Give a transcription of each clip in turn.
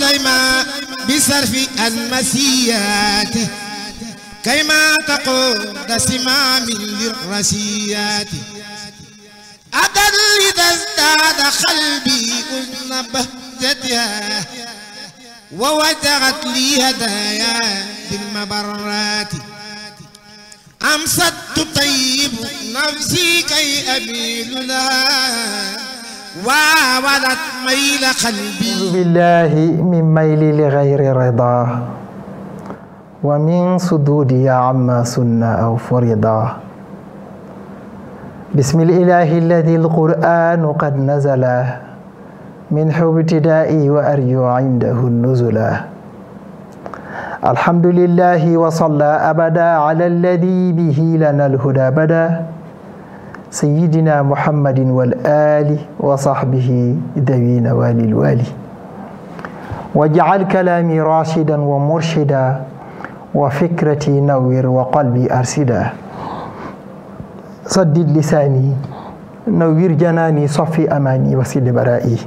سليمان بصرف المسيات كيما تقود سمام للرسيات أدل إذا ازداد قلبي أذن بهجتها ووجهت لي هدايا بالمبرات أمسدت طيب نفسي كي أميل لها واولت ميل قلبي بالله من ميل لغير رضا ومن صدودي عما سن أو فرضا بسم الإله الذي القرآن قد نزل من حب ابتدائي وأرجو عنده النزل الحمد لله وصلى أبدا على الذي به لنا الهدى بدا sayyidina muhammadin wal ali wa sahbihi dawina walil wali waj'al kalami rashidan wa murshida wa fikrati nawwir wa qalbi arsida saddid lisani nawwir janani safi amani wasil bara'i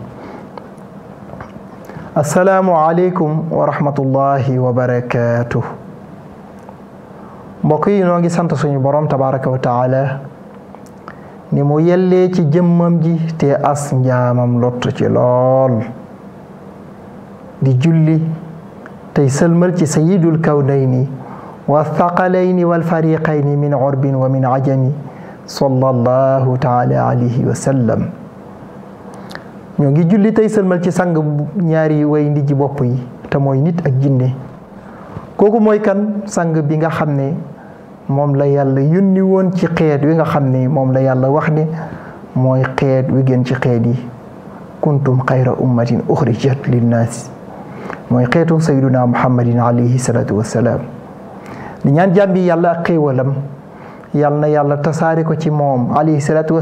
assalaamu aleykum wa rahmatullahi wa barakatuh mbokk yi noo ngi sant suñu borom tabaraka wa taala ni mu yellee ci jëmmam ji te as njaamam lott ci lool di julli tey sëlmal ci sayidul kawnayni wa thaqalayni wal fariqayni min urbin wa min ajami sallallahu taala alayhi wa sallam ñoo ngi julli tey sëlmal ci sang ñaari way ndijji bopp yi te mooy nit ak jinne kooku mooy kan sang bi nga xam ne moom la yàlla yónni woon ci xeet wi nga xam ni moom la yàlla wax ni mooy xeet wi gën ci xeet yi kuntum xayra ummatin uxrijat linnaas mooy xeetu sayduna muhammadin alayhi salaatu wassalaam di ñaan jàmbi yàlla ak xéewalam yàlla na yàlla tasaare ko ci moom alayhi salaatu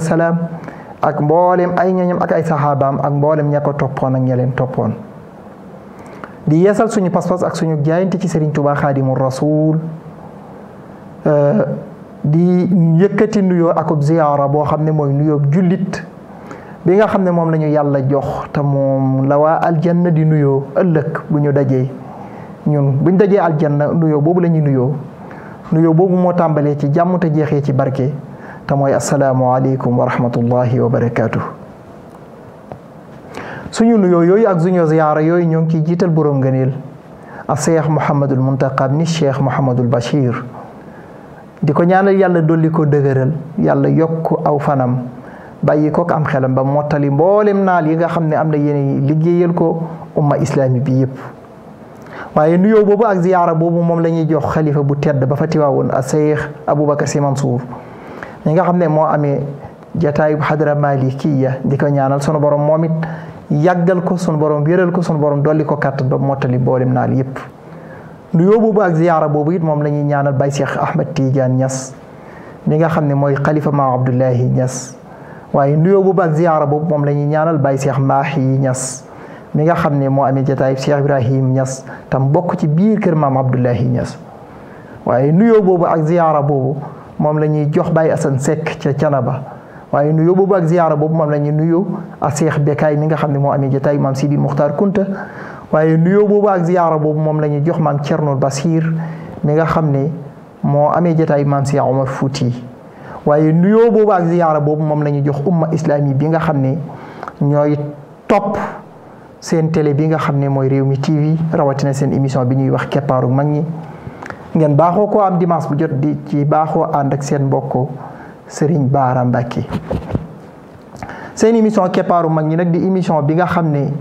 ak mboolem ay ñañam ak ay saxaabaam ak mboolem ña ko toppoon ak ña leen toppoon di yeesal suñu pas-pas ak suñu jaayante ci Serigne Touba Xaadimu Rasuul Euh, di yëkkati nuyoo akub ziyaara boo xam ne mooy nuyoo jullit bi nga xam ne moom la ñu yàlla jox te moom la aljanna di nuyoo ëllëg bu ñu dajee ñun bu ñu dajee aljanna nuyoo boobu la ñuy nuyoo nuyoo boobu moo tàmbalee ci jàmm te jeexee ci barke te mooy asalaamualeykum wa rahmatullahi wa barakaatu. suñu nuyoo yooyu ak suñu ziyaara yooyu ñoo ngi ciy jiital borom ngëneel ak cheikh Mouhamadul Muntaqa ni cheikh Mouhamadul Bachir. di ko ñaanal yàlla dolli ko dëgëral yàlla yokk aw fanam bàyyi kook am xelam ba mottali mboolem naal yi nga xam ne am na yéen liggéeyal ko umma islami bi yëpp waaye nuyoo boobu ak ziyaara boobu moom la ñuy jox xalifa bu tedd ba fa tiwaawoon a Seex Aboubacar Sy Mansour ñi nga xam ne moo amee jataay bu xadra malikiya di ko ñaanal sunu borom moom it yàggal ko sunu borom wéral ko sunu borom dolli ko kàttan ba mottali mboolem naal yëpp nuyo boobu ak ziyaara boobu it moom la ñuy ñaanal Baye Cheikh Ahmed Tidiane ñas mi nga xam ne mooy xalifa Maam Abdoulahi ñas waaye nuyoo boobu ak ziyaara boobu moom la ñuy ñaanal Baye Cheikh Mahi Niass mi nga xam ne moo amee jataay Cheikh Ibrahim Niass tam bokk ci biir kër Maam Abdoulahi Niass waaye nuyoo boobu ak ziyaara boobu moom la ñuy jox Baye Assane Seck ca Canaba waaye nuyoo boobu ak ziyaara boobu moom la ñuy nuyoo a Cheikh Bekaay mi nga xam ne moo amee jataay Maam Sidi Muxtaar Kunta waaye nuyoo boobu ak ziyaara boobu moom la ñu jox maam Thierno Basir mi nga xam ne moo amee jotaay maam Cheikh Omar Fouti waaye nuyo boobu ak ziyaara boobu moom la ñu jox umma islami bi nga xam ne ñooy topp seen télé bi nga xam ne mooy réew mi TV rawatina seen émission bi ñuy wax keppaaru mag ñi ngeen baaxoo koo am dimanche bu jot di ci baaxoo ànd ak seen mbokko Serigne Bara Mbacké seen émission keppaaru mag ñi nag di émission bi nga xam ne.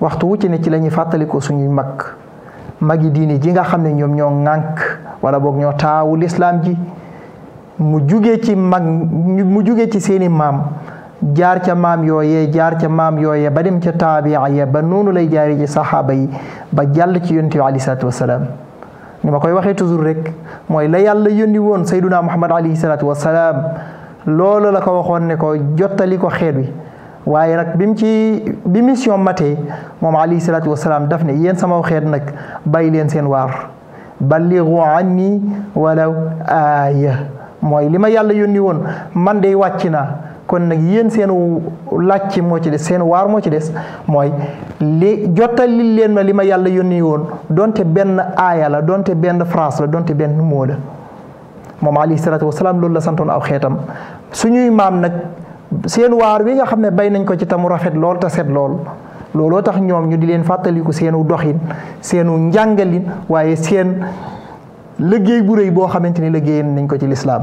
waxtu wu ci ne ci la ñuy suñuy mag mag yi diine ji nga xam ne ñoom ñoo ŋànk wala boog ñoo taawu lislaam ji mu jugee ci mag mu jugee ci seeni maam jaar ca maam yooyee jaar ca maam yooyee ba dem ca taabia ya ba noonu lay jaari ci saxaaba yi ba jàll ci yonte bi aleyhi salaatu wasalaam ni ma koy waxee toujours rek mooy la yàlla yónni woon sayduna muhammad aleyhi salaatu wasalaam loolu la ko waxoon ne ko jottali ko xeet wi waaye nag bi mu ci bi mission matee moom alayhi salaatu wasalaam daf ne yéen sama xeet nag bay leen seen waar balligu nii walaw aaya mooy li ma yàlla yónni woon man de wàcc na kon nag yéen seen làcc moo ci des seen waar moo ci des mooy li jottali leen ma li ma yàlla yónni woon donte benn aaya la donte benn phrase la donte benn mot la moom alayhi salaatu wasalaam loolu la santoon aw xeetam suñuy maam nag seen waar wi nga xam ne bay nañ ko ci tamu rafet lool te set lool looloo tax ñoom ñu di leen fàttaliku seenu doxin seenu njàngalin waaye seen liggéey bu rëy boo xamante ni liggéey nañ ko ci lislaam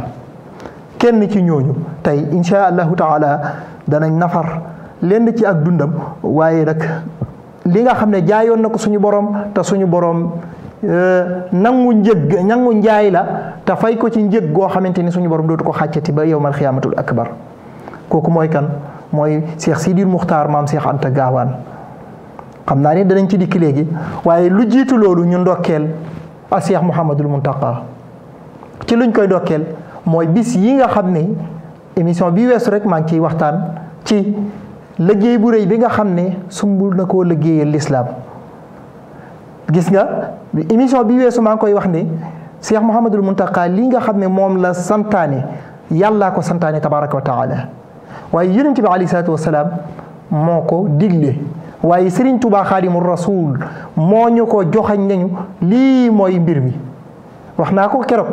kenn ci ñooñu tey insha allahu taala danañ nafar lenn ci ak dundam waaye nag li nga xam ne jaayoon na ko suñu borom te suñu borom euh, nangu njëg nangu njaay la te fay ko ci njëg goo xamante ni suñu borom dootu ko xàccee xàccati ba yowmal xiyaamatul akbar kooku mooy kan mooy Cheikh Sidy Mokhtar maam Cheikh Anta Gaawaan xam naa ni danañ ci dikk léegi waaye lu jiitu loolu ñu ndokkeel a Cheikh Mouhamadul Muntaqa ci luñ koy ndokkeel mooy bis yi nga xam ne émission bi weesu rek maa ngi ciy waxtaan ci liggéey bu rëy bi nga xam ne sumbul na koo liggéeyal lislaam gis nga émission bi weesu maa ngi koy wax ne Cheikh Mouhamadul Muntaqa li nga xam ne moom la santaane yàllaa ko santaani tabaraka wa taala waaye yonent bi alayhi salaatu wasalaam moo ko digle waaye Serigne Touba Xaadimu Rasuul moo ñu ko joxañ nañu lii mooy mbir mi wax naa ko keroog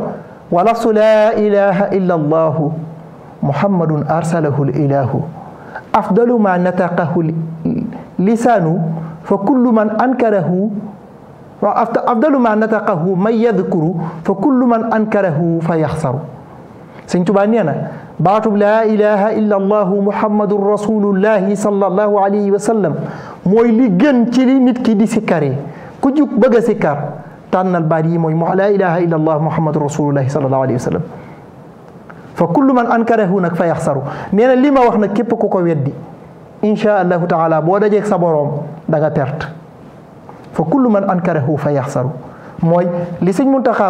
wa lastu laa ilaha illa allahu muhammadun arsalahu lilahu afdalu ma nataqahu lisaanu fa kullu man ankarahu wa afdalu ma nataqahu man yadkuru fa kullu man ankarahu fa yaxsaru Serigne Touba nee na baatub laa ilaha illa allahu rasulullahi sallallahu alayhi wa mooy li gën ci nit ki di sikkaree ku jug bëgg a sikkar tànnal baat yi mooy laa ilaha illa allah muhammadun rasulullahi sallallahu alayhi wa fa kullu man ankarahu nag fa yaxsaru nee na wax nag képp ku ko weddi insha allahu taala boo dajeeg sa boroom da nga perte fa kullu man ankarahu fa yaxsaru mooy li sëñ Muntaxa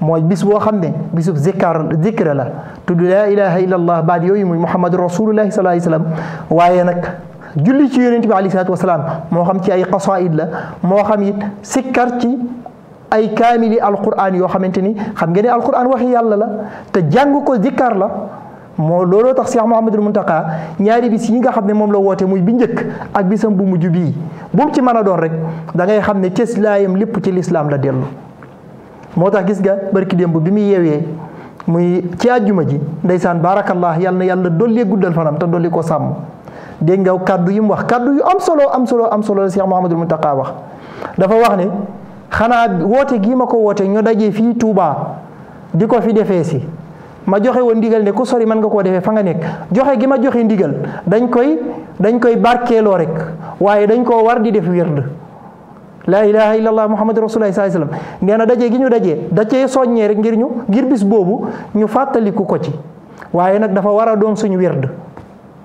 mooy bis boo xam ne bisub zikkar zikra la tudd laa ilaha illa allah baat yooyu muy muhammadu rasulullahi sallallahu alayhi wasallam waaye nag julli ci yonent bi alayhi moo xam ci ay qasaid la moo xam it sikkar ci ay kaamili alquran yoo xamante ni xam ngeen ne alquran waxi yàlla la te jàng ko zikkar la moo looloo tax Cheikh Mouhamadul Muntaka ñaari bis yi nga xam ne moom la wootee muy bi njëkk ak bisam bu mujj bii bu mu ci mën a doon rek da xam ne cëslaayam lépp ci lislaam la dellu moo tax gis nga bërki démb bi muy yeewee muy ci àjjuma ji ndeysaan baarakallah yal na yàlla dolli guddal fanam te dolli ko sàmm dégg nga kàddu yi mu wax kàddu yu am solo am solo am solo la Cheikh Mouhamadul Mountakha wax dafa wax ne xanaa woote gii ma ko wootee ñu dajee fii tuubaa di ko fi defee si ma joxe woon ndigal ne ku sori mën nga koo defee fa nga nekk joxe gi ma joxe ndigal dañ koy dañ koy barkeeloo rek waaye dañ koo war di def wird laa ilaha illa allah muhammadu rasulullah saa sallam nee na daje gi ñu dajee dacee soññee rek ngir ñu ngir bis boobu ñu fàttaliku ko ci waaye nag dafa war a doon suñu wird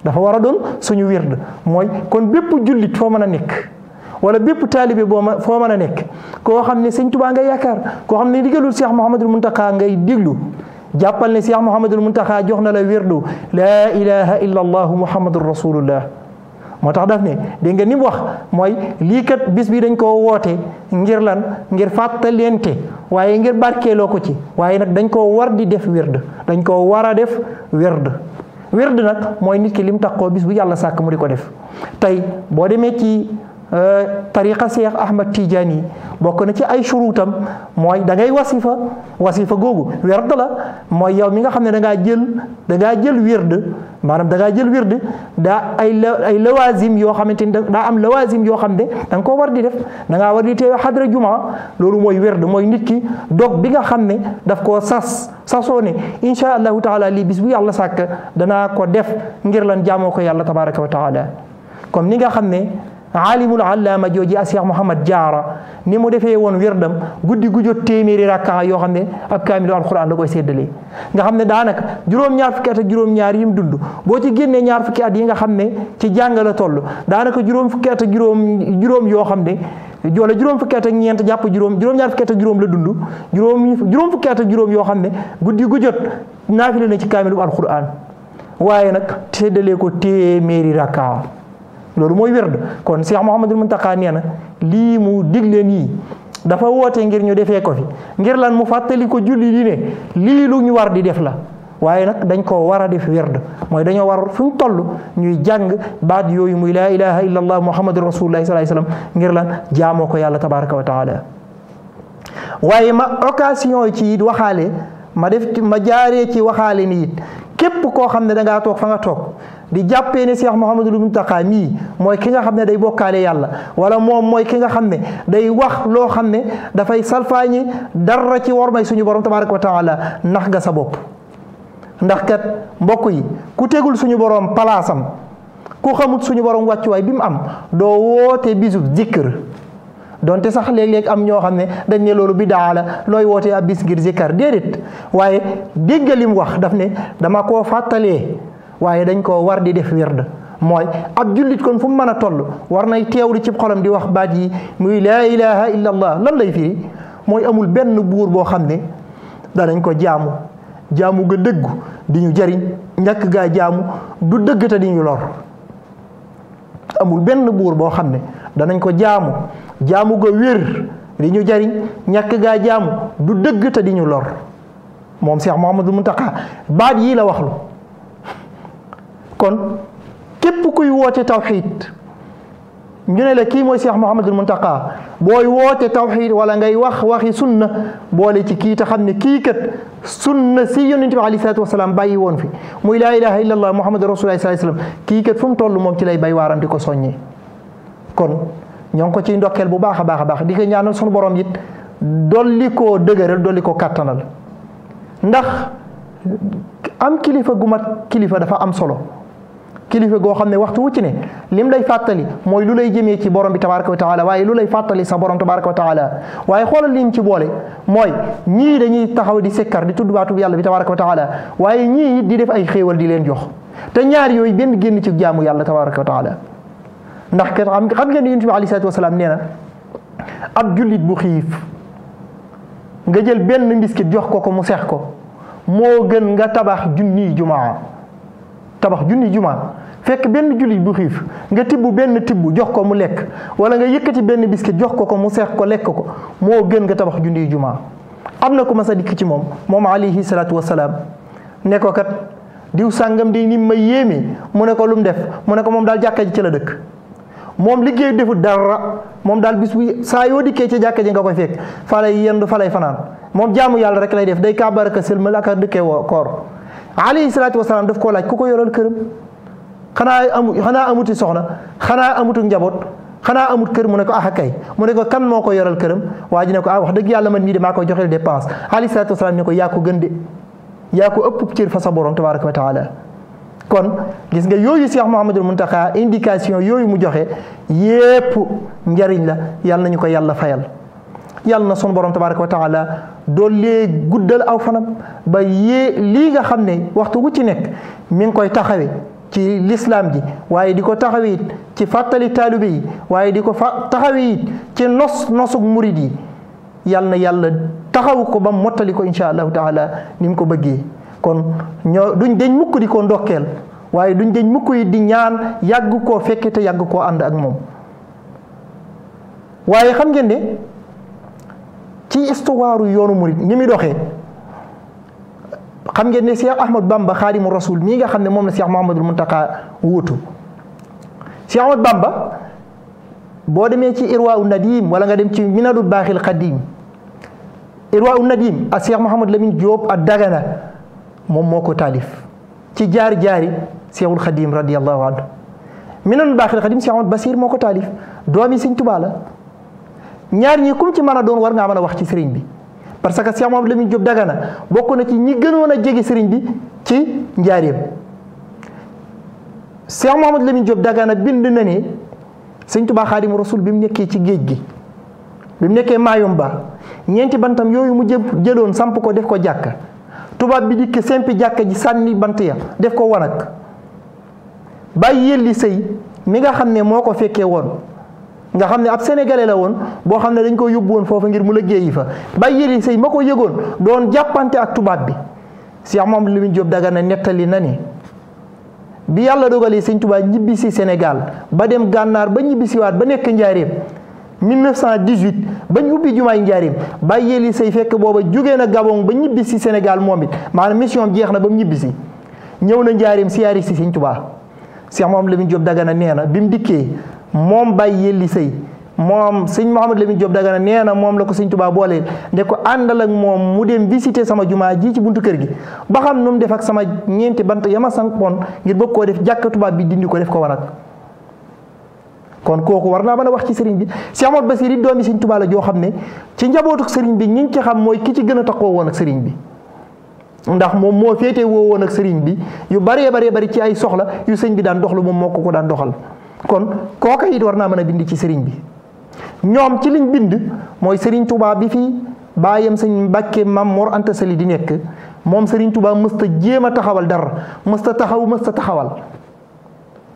dafa war a doon suñu wird mooy kon bépp jullit foo mën a nekk wala bépp taalibe boo ma foo mën a nekk koo xam ne sëñ tubaa ngay yaakaar koo xam ne diggalu seex muhammadul muntaxaa ngay déglu jàppal ne seex muhammadul muntaxaa jox na la wirdu laa ilaha illa allahu muhammadun rasulullah moo tax daf ne dégg nga ni mu wax mooy lii kat bis bi dañ koo wootee ngir lan ngir fàttalente waaye ngir barkeeloo ko ci waaye nag dañ koo war di def werd dañ koo war a def werd wird nag mooy nit ki lim tax koo bis bu yàlla sàkk mu di ko def tey boo demee ci Euh, tariqa Cheikh Ahmad Tidiane yi bokk na ci ay shuruutam mooy da ngay wasifa wasifa googu werd la mooy yow mi nga xam ne da ngaa jël da ngaa jël wird maanaam da jël wird daa ay ay lawazim yoo xamante ni daa am lawazim yoo xam ne da nga koo war di def da ngaa war di teewe xadra jumaa loolu mooy werd mooy nit ki dog bi nga xam ne daf koo sas sasoo ne insha allahu taala lii bis bu yàlla sàkk danaa ko def ngir lan jaamoo ko yàlla tabaraka wa taala comme ni nga xam ne aalimul allaama jooji a Cheikh Mouhamad Diarra ni mu defee woon wirdam guddi gu jot téeméeri rakka yoo xam ne ak kaamilu alquran la koy séddalee nga xam ne daanaka juróom-ñaar fukki juróom-ñaar yi mu dund boo ci génnee ñaar fukki at yi nga xam ne ci jàng la toll daanaka juróom fukki at ak juróom juróom yoo xam ne wala juróom fukki ñeent jàpp juróom juróom-ñaar juróom la dund juróom juróom fukki at ak yoo xam ne guddi gu jot naafile na ci kaamilu alquran waaye nag séddalee ko téeméeri rakka loolu mooy werd kon Cheikh Mouhamadul Mountakha nee na lii mu digle nii dafa woote ngir ñu defee ko fi ngir lan mu fàttali ko julli di lii lu ñu war di def la waaye nag dañ koo war a def werd mooy dañoo war fu ñu toll ñuy jàng baat yooyu muy laa ilaha illa allah muhammadun rasulullah sallallahu alayhi wasallam ngir la jaamoo ko yàlla tabaraka wa waaye ma occasion ci it waxaale ma def ma jaaree ci waxaale ni it képp koo xam ne dangaa toog fa nga toog di jàppee ne lu Mouhamadul Mountakha mii mooy ki nga xam ne day bokkaale yàlla wala moom mooy ki nga xam ne day wax loo xam ne dafay salfaañi dara ci wormay suñu borom tabaaraka wa taala nax nga sa bopp. ndax kat mbokk yi ku tegul suñu borom palaasam ku xamut suñu borom wàccuwaay bi mu am doo woote bisub zikkër donte sax léeg-léeg am ñoo xam ne dañ ne loolu bi daala looy wootee ab bis ngir zikkar déedéet waaye dégg lim wax daf ne dama koo fàttalee. waaye dañ koo war di def wird mooy ab jullit kon fu mu mën a toll war nay teewlu ci xolam di wax baat yi muy laa ilaha illa lan lay firi mooy amul benn buur boo xam ne danañ ko jaamu jaamu ga dëggu jariñ ñàkk gaa jaamu du dëgg te lor amul benn buur boo xam ne danañ ko jaamu jaamu ga wér di ñu jariñ ñàkk gaa jaamu du dëgg te di ñu lor moom Cheikh Mouhamadou Mountakha baat yii la waxlu kon képp kuy woote tawxiid ñu ne la kii mooy Cheikh Mouhamadul Muntaqa booy woote tawxiid wala ngay wax waxi sunna boole ci kii te xam ne kii kat sunna si yonente bi alayhi salaatu wasalaam bàyyi woon fi muy laa ilaha illa allah muhammadu rasulullahi sallallahu alayhi wasallam kii kat fu mu toll moom ci lay bay waaram ko soññee kon ñoo ngi ko ciy ndokkeel bu baax a baax a baax di ko ñaanal sunu borom it dolli koo dëgëral dolli ko kàttanal ndax am kilifa gu mat kilifa dafa am solo kilifa goo xam ne waxtu wu ci ne lim day fàttali mooy lu lay jëmee ci borom bi tabaraka wa taala waaye lu fàttali sa borom tabaraka wa taala waaye xoolal liñ ci boole mooy ñii dañuy taxaw di sikkar di tudd baatub yàlla bi tabaraka wa taala waaye ñii di def ay xéewal di leen jox te ñaar yooyu benn génn ci jaamu yàlla tabaraka wa taala ndax kat xam ngeen ne yonent bi aleyhi salaatu wa nee na jullit bu xiif nga jël benn mbiskit jox ko ko mu seex ko moo gën nga tabax junni jumaa tabax junniy jumaa fekk benn jullit bu xiif nga tibb benn tibb jox ko mu lekk wala nga yëkkati benn biscuit jox ko ko mu seex ko lekk ko moo gën nga tabax junniy jumaa am na ku ma sa dikk ci moom moom alayhi salaatu wasalaam ne ko kat diw sàngam di ni ma yéeme mu ne ko lu mu def mu ne ko moom daal jàkka ci la dëkk moom liggéey defut dara moom daal bis bu saa yoo dikkee ci jàkka ji nga koy fekk fa lay yendu fa lay fanaan moom jaamu yàlla rek lay def day kàbbar ak a sëlmal ak a dëkkee woo koor alayhi salaatu wasalaam daf koo laaj ku ko yoral këram xanaa amu xanaa amuti soxna xanaa amutu njaboot xanaa amut kër mu ne ko ah kay mu ne ko kan moo ko yoral këram waa ji ne ko ah wax dëgg yàlla man mii de maa koy joxeel dépense alayhi salaatu wasalaam ne ko yaa ko gën de yaa ko ëpp cër fa sa borom tabaraka wa taala kon gis nga yooyu Cheikh Mouhamadul taxa indication yooyu mu joxe yépp njariñ la yàlla nañu ko yàlla fayal yàlla na son borom tabaraka wa taala doolee guddal aw fanam ba yée lii nga xam ne waxtu wu ci nekk mi ngi koy taxawee ci lislaam ji waaye di ko taxawee it ci fàttali taalibe yi waaye di ko fa taxawee it ci nos nosug murid yi yal na yàlla taxaw ko ba mottali ko incha allahu taala ni mu ko bëggee kon ñoo duñ deñ mukk di ko ndokkeel waaye duñ deñ mukk yi di ñaan yàgg koo fekke te yàgg koo ànd ak moom waaye xam ngeen ne ci istuwaaru yoonu murid ni muy doxee xam ngeen ne Cheikh Ahmad Bamba xaadimu rasul mii nga xam ne moom la Cheikh Mouhamadul Muntaka wuutu Cheikh Ahmad Bamba boo demee ci Irwaawu Nadim wala nga dem ci Minadul Baaxil Xadim Irwaawu Nadim ak Cheikh Mouhamad Lamine Diop ak Dagana moom moo ko taalif ci jaari jaari Cheikhul Xadim radiyallahu anhu Minadul Baaxil Xadim Cheikh Ahmad Basir moo ko taalif doomi Sëñ Tuubaa la ñaar ñi kum ci mën a doon war nga mën a wax ci sëriñ bi. parce que Cheikh Mouhamed Lamine Diop Dagana bokk na ci ñi gënoon a jege sëriñ bi ci njaareem Cheikh Mouhamed Lamine Diop Dagana bind na ne sëñ Tuubaa Xaadimu Rasuul bi mu nekkee ci géej gi bi mu nekkee Mayumba ñeenti bantam yooyu mu jë jëloon samp ko def ko jàkka tubaab bi dikk sempi jàkka ji sànni bant ya def ko wanag bàyyi yëlli sëy mi nga xam ne moo ko fekkee woon nga xam ne ab sénégalais la woon boo xam ne dañ koy yóbbu woon foofa ngir mu liggéeyi fa bàyyiri sëy ma ko yëgoon doon jàppante ak tubaab bi Cheikh Mamadou Lamine Diop Dagana nettali na ni bi yàlla dogalee sëñ Tuubaa ñibbi si Sénégal ba dem gànnaar ba ñibbi si waat ba nekk njaareem 1918 bañ ubbi jumaay njaareem bàyyili sëy fekk booba jógee na Gabon ba ñibbi si Sénégal moom it maanaam mission jeex na ba ñibbi si ñëw na njaareem siyaari si sëñ Tuubaa Cheikh Mamadou Lamine Diop Dagana nee na bi mu dikkee moom Baye Yelli Sey moom sëñ Mouhamed Lamine Diop ne nee na moom la ko sëñ Touba booleel ne ko àndal moom mu dem visiter sama jumaa ji ci buntu kër gi ba xam nu mu def ak sama ñeenti bant yama sankoon ngir bëgg koo def jàkka tubaab bi dindi ko def ko waral kon kooku war naa mën a wax ci sëriñ bi Cheikh ba Bassir it doomi sëñ Touba la joo xam ne ci njabootuk sëriñ bi ñi ci xam mooy ki ci gën a taxoo woon ak sëriñ bi ndax moom moo féete woo ak sëriñ bi yu baree baree bari ci ay soxla yu sëñ bi daan doxlu moom moo ko ko daan doxal kon kooka it war naa mën a bind ci sëriñ bi ñoom ci liñ bind mooy sëriñ Touba bi fii baayam sëñ Mbàkke Maam Mor Anta Sali di nekk moom sëriñ Touba mësta jéem a taxawal dara mësta taxaw mësta taxawal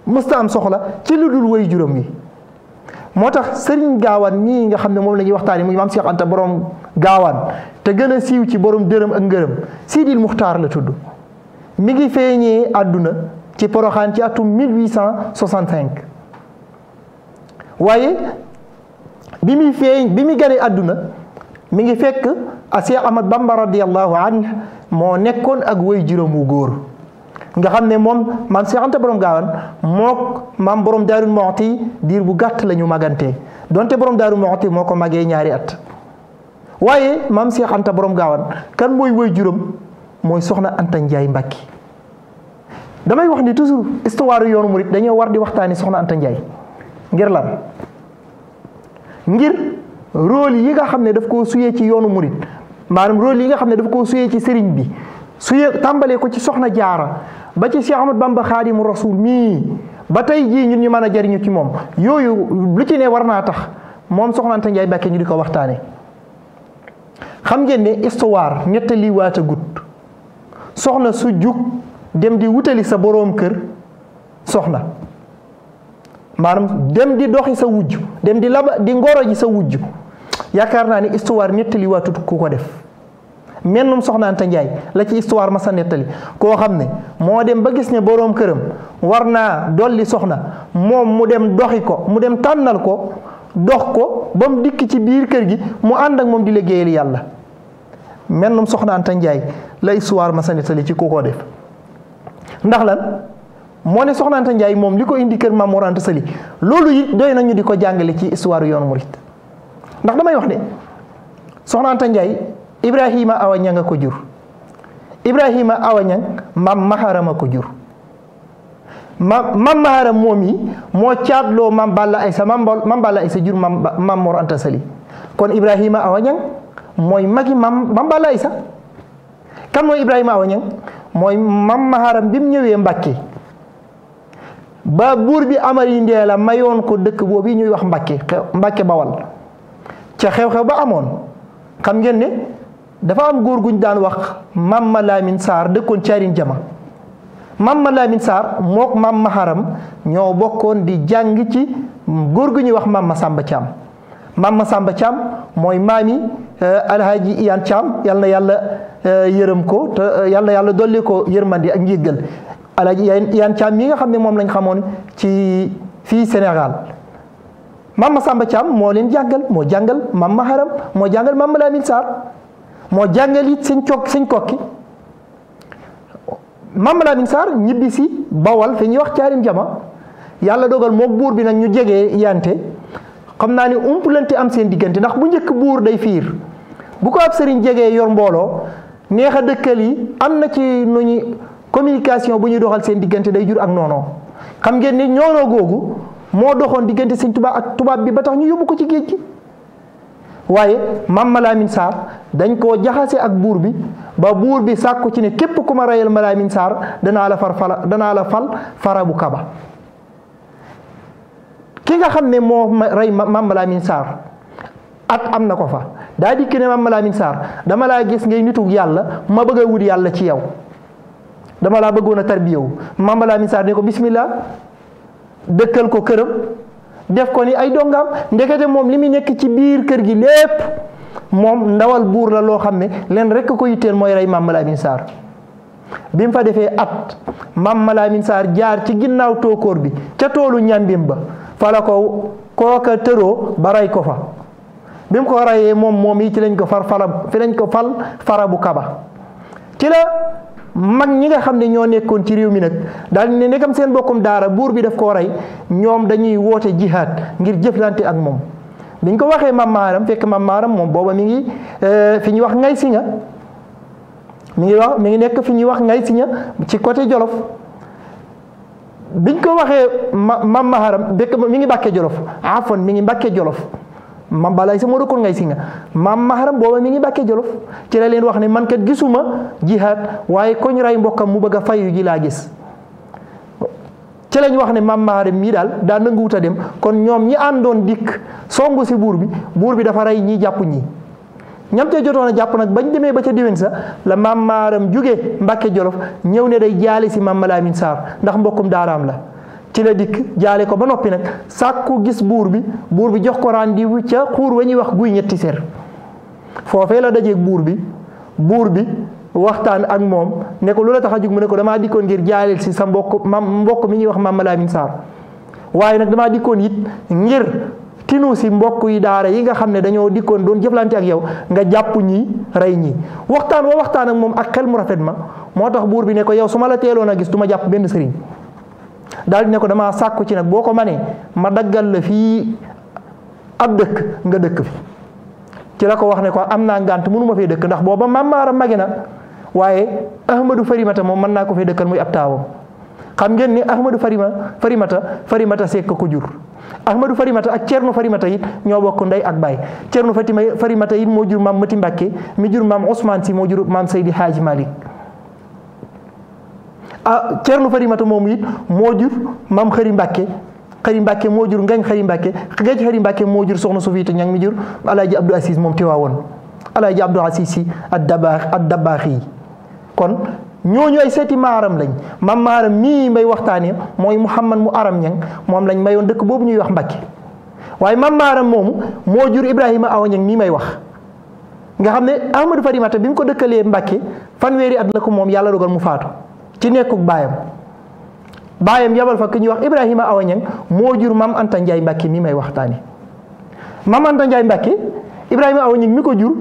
mësta am soxla ci lu dul way juróom yi moo tax sëriñ gaawaan nii nga xam ne moom lañuy waxtaan waxtaani muy maam Cheikh Anta borom gaawaan te gën a siiw ci boroom dërëm ak ngërëm Sidil Muxtaar la tudd mi ngi feeñee àdduna ci poroxaan ci atum 1865 waaye bi muy feeñ bi muy gane àdduna mi ngi fekk a Seex Ahmad Bamba radiyallahu anhu moo nekkoon ak way juróom wu góor nga xam ne moom maam Seex Anta borom gaawan mook maam borom Daaru Muxti diir bu gàtt lañu magante donte borom Daaru Muxti moo ko magee ñaari at waaye maam Seex Anta borom gaawan kan mooy way juróom mooy soxna Anta Njaay Mbàkke damay wax ni toujours histoire yoonu murit dañoo war di waxtaani soxna Anta Ndiaye ngir lan ngir rôle yi nga xam ne daf ko suyee ci yoonu murit maanaam rôle yi nga xam ne daf koo suyee ci sëriñ bi suyee tàmbalee ko ci soxna jaara ba ci Cheikh Ahmad Bamba Xaadimu Rasuul mii ba tey jii ñun ñu mën a jariñu ci moom yooyu lu ci ne war naa tax moom soxna Anta Ndiaye Mbàkke ñu di ko waxtaane xam ngeen ne histoire ñettali waata gut soxna su jug dem di wutali sa boroom kër soxna maanaam dem di doxi sa wujj dem di laba di ngoro ji sa wujj yaakaar naa ni histoire nettali waatut ku ko def mennum soxnaanta la ci histoire ma nettali koo xam ne moo dem ba gis ne boroom këram war naa dolli soxna moom mu dem doxi ko mu dem tànnal ko dox ko ba dikk ci biir kër gi mu ànd ak moom di liggéeyal yàlla mennum soxnaanta njaay la histoire ma sa nettali ci ku ko def ndax lan moo ne Soxna Anta Ndiaye moom li ko indi kër Maam Mor Anta Sali loolu it doy nañu di ko jàngale ci histoire yoonu murit ndax damay wax de Soxna Anta Ndiaye Ibrahima Awa Ñang a ko jur Ibrahima Awa Ñang maam Maharam ko jur maam maam Maharam moom yi moo caatloo maam Balla Aysa maam Balla Aysa jur maam Mor Anta Sali kon Ibrahima Awa Ñang mooy magi maam Balla Aysa kan mooy Ibrahima Awa Ñang mooy mam maharam bi mu ñëwee mbàkki ba buur bi amari ndeela mayoon ko dëkk boobu ñuy wax mbàkki xew mbàkke bawal ca xew-xew ba amoon xam ngeen ne dafa am góor guñ daan wax mam ma laamin saar dëkkoon caarin jama mam ma laamin saar mook mam maharam ñoo bokkoon di jàng ci góor gu ñuy wax mam ma sàmba caam maam Masamba Thiam mooy maami eh, alhaaji Iyaan Thiam yal na yàlla eh, yërëm ko eh, yàlla yàlla dolli ko yërmandi ak njéggal alhaaji Iyaan Thiam mi nga xam ne moom lañ xamoon ci fii Sénégal maam Masamba Thiam moo leen jàngal moo jàngal maam Maharam moo jàngal maam Lamine Sarr moo jàngal it sëñ cok sëñ kokki maam Lamine Sarr ñibbi si bawal fi ñuy wax caarin jama yàlla dogal moo buur bi nag ñu jege yante xam naa ni umpulante am seen diggante ndax bu njëkk buur day fiir bu ko ab sëriñ jegee yor mbooloo neex a dëkkal yi am na ci nu ñu communication bu ñuy doxal seen diggante day jur ak noonoo xam ngeen ni ñoonoo googu moo doxoon diggante siñ tubaab ak tubaab bi ba tax ñu yóbbu ko ci géej gi waaye maam Malamine Sarr dañ koo jaxasee ak buur bi ba buur bi ko ci ne képp ku ma reyal Malamine Sarr danaa la far fala danaa la fal farabu bu kaba ki nga xam ne moo rey Mame Lamine Sarr at am na ko fa daa dikk ne Mame Lamine dama laa gis ngay nitu yàlla ma bëgg a wut yàlla ci yow dama laa bëggoon a tarbiyewu Mame Lamine Sarr ne ko bismillah dëkkal ko këram def ko ni ay dongam ndekete moom li muy nekk ci biir kër gi lépp moom ndawal buur la loo xam ne leen rekk ko yitteel mooy rey Mame Lamine bi mu fa defee at maam Malamine Sarr jaar ci ginnaaw tookoor bi ca toolu ñambim ba fa la ko kooka tëroo ba rey ko fa bi mu ko reyee moom moom yi ci lañ ko far fara fi lañ ko fal fara kaba ci la mag ñi nga xam ne ñoo nekkoon ci réew mi nag daal ne nekkam seen bokkum daara buur bi daf koo rey ñoom dañuy woote jihaad ngir jëflante ak moom biñ ko waxee maam maaram fekk maam maaram moom booba mi ngi eh, fi ñu wax ngay si nga mi ngi wax mi ngi nekk fi ñuy wax ngay siña ci côté Jolof biñ ko waxee ma mam maharam bekk mi ngi Mbàkke Jolof afon mi ngi Mbàkke Jolof mam balay sa moo dëkkoon ngay si nga mam maharam booba mi ngi Mbàkke Jolof ci leen wax ne man kat gisuma jihaad waaye koñ rey mbokkam mu bëgg a fayu ji laa gis ci lañ wax ne mam maharam mii daal daa nanguwut a dem kon ñoom ñi àndoon dikk songu si buur bi buur bi dafa rey ñii jàpp ñi ñam ca jotoon a jàpp nag bañ demee ba ca diwén sa la maam maaram jóge Mbàkke Jolof ñëw ne day jaale si maam Malaamin Saar ndax mbokkum daaraam la ci la dikk jaale ko ba noppi nag sàkku gis buur bi buur bi jox ko rendez-vous ca xuur wa ñuy wax guy ñetti sér foofee la dajeeg buur bi buur bi waxtaan ak moom ne ko tax a jug mu ne damaa dikkoon ngir jaalil si sa mbokk mam mbokk mi ñuy wax Maam Malaamin Saar waaye nag damaa dikkoon it ngir tinu si mbokk yi daara yi nga xam ne dañoo dikkoon doon jëflante ak yow nga jàpp ñi rey ñii waxtaan wa waxtaan ak moom ak xel mu rafet ma moo tax buur bi ne ko yow su ma la teeloon a gis du ma jàpp benn sëriñ daal di ne ko damaa sàkku ci nag boo ko manee ma daggal la fii ab dëkk nga dëkk fi ci la ko wax ne ko am naa ngànt mënuma fee dëkk ndax booba mammaaram mage na waaye Ahmadou Farimata moom mën naa ko fee dëkkal muy ab taawam xam ngeen ni Ahmadou Farima Farimata Farimata Seck ko jur Ahmadou Farimata ak Thierno Farimata it ñoo bokk ndey ak baay Thierno Fatima Farimata it moo jur maam Mati Mbacke mi jur maam Ousmane si moo jur maam Seydi Hadji Malick ah Thierno Farimata moomu it moo jur maam xari Mbacke Xëri Mbacke moo jur Ngañ Xëri Mbacke Ngañ Xëri Mbacke moo jur soxna Sofiatu Ñang mi jur Alaaji Abdou Aziz moom teewaawoon Alaaji Abdou Aziz si ak dabaax ak dabaax yi kon ñooñu ay seeti maaram lañ maam maaram mii may waxtaanee mooy mu xam man mu aram ñang moom lañ mayoon dëkk boobu ñuy wax Mbàkke waaye maam maaram moomu moo jur Ibrahima awa ñang mii may wax nga xam ne Ahmadou Farimata bi mu ko dëkkalee Mbàkke fanweeri at la ko moom yàlla dogal mu faatu ci nekkuk baayam baayam yabal fa ku ñuy wax Ibrahima awa ñang moo jur maam Anta Ndiaye Mbàkke mii may waxtaanee maam Anta Ndiaye Mbàkke Ibrahima aw ñang mi ko jur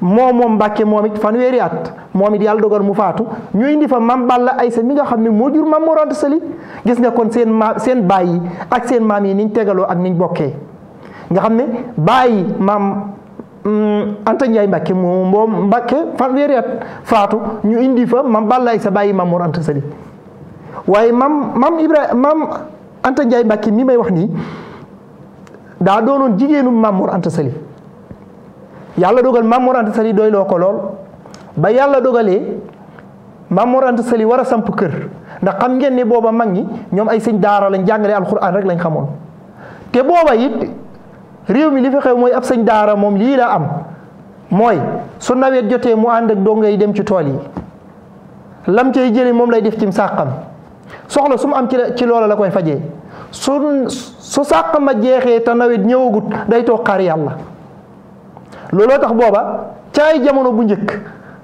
moom moom Mbàkke moom it at moom it yàlla dogal mu faatu ñu indi fa man Balla Aysa mi nga xam ne moo jur mam Mor Anta Sali gis nga kon seen ma seen baay yi seen maam yi niñ tegaloo ak niñ bokkee nga xam ne baay maam mm, Anta Njaay Mbàkke moom moom Mbàkke faatu ñu indi fa mam Balla Aysa baay yi mam Anta waaye mam mam Ibrahima mam Anta Njaay Mbàkke mi may wax nii daa doonoon jigéenu mam Mor Anta Sali yàlla dogal mam Mor Anta Sali doyloo ko lool ba yàlla dogalee maam Mor Anta war a samp kër ndax xam ngeen ni booba mag ñi ñoom ay sëñ daara lañ jàngalee alxuraan rek lañ xamoon te booba it réew mi li fi xew mooy ab sëñ daara moom lii la am mooy su nawet jotee mu ànd ak dongo yi dem ci tool yi lam cay jëlee moom lay def cim sàqam soxla su mu am ci ci loola la koy fajee su su sàqam a jeexee te nawet ñëwagut day toog xaar yàlla. looloo tax booba caay jamono bu njëkk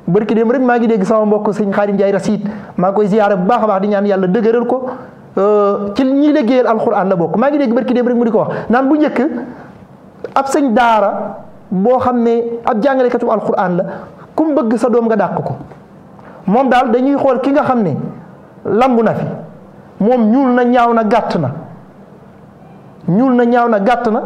barki dem rek maa ngi dégg sama mbokk sëñ Xaadim Njaay Rasiid maa ngi koy ziyaara bu baax a baax di ñaan yàlla dëgëral ko euh, ci ñi liggéeyal alxuraan la bokk maa ngi dégg bërki dem rek mu di ko wax naan bu njëkk ab sëñ daara boo xam ne ab jàngalekatu alxuraan la ku mu bëgg sa doom nga dàq ko moom daal dañuy xool ki nga xam ne lamb na fi moom ñuul na ñaaw na gàtt na ñuul na ñaaw na gàtt na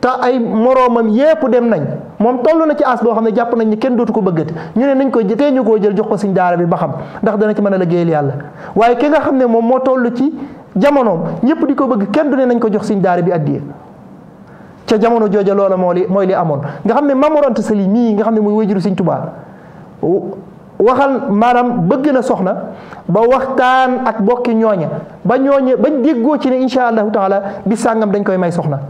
te ay moroomam yépp dem nañ moom toll na ci as boo xam ne jàpp nañ ni kenn dootu ko bëggati ñu ne nañ koy tey ñu koo jël jox ko suñ daara bi ba xam ndax dana ci mën a liggéeyal yàlla waaye ki nga xam ne moom moo toll ci jamonoom ñëpp di ko bëgg kenn du ne nañ ko jox suñ daara bi addiya ca jamono jooja loola moo li mooy li amoon nga xam ne Maam Anta Sali mii nga xam ne muy wajuru Sëñ Tuubaa waxal maanaam bëgg na soxna ba waxtaan ak bokki ñooña ba ñooñe ba déggoo ci ne incha allahu taala bi sàngam dañ koy may soxna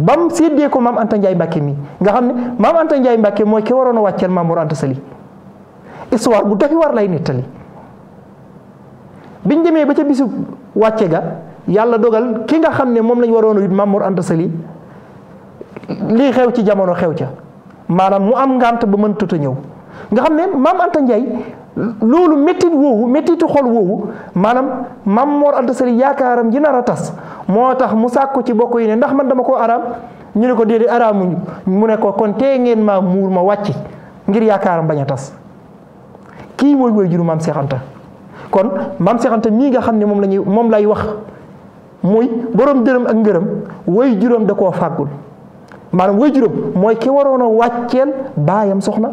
ba mu séddee ko maam Anta Ndiaye Mbacke mi nga xam ne maam Anta Ndiaye Mbacke mooy ki waroon a wàcceel maam Mor Anta Sali histoire bu doy war lay nettali biñ demee ba ca bisu wàcce ga yàlla dogal ki nga xam ne moom lañ waroon a yit maam Mor Anta Sali lii xew ci jamono xew ca maanaam mu am ngànt ba mënut a ñëw nga xam ne maam Anta Ndiaye loolu méttit woowu méttitu xol woowu maanaam mam moor anta yaakaaram ji nar a tas moo tax mu sàkku ci bokk yi ne ndax man dama koo araam ñu ne ko déedéet araamuñu mu ne ko kon tee ngeen maa muur ma wàcc ngir yaakaaram bañ a tas kii woy juru maam Seex Anta kon maam Seex Anta nga xam ne moom lañuy moom lay wax muy boroom dërëm ak ngërëm woy juróom da koo fàggul maanaam woy juróom mooy ki waroon a wàcceel baayam soxna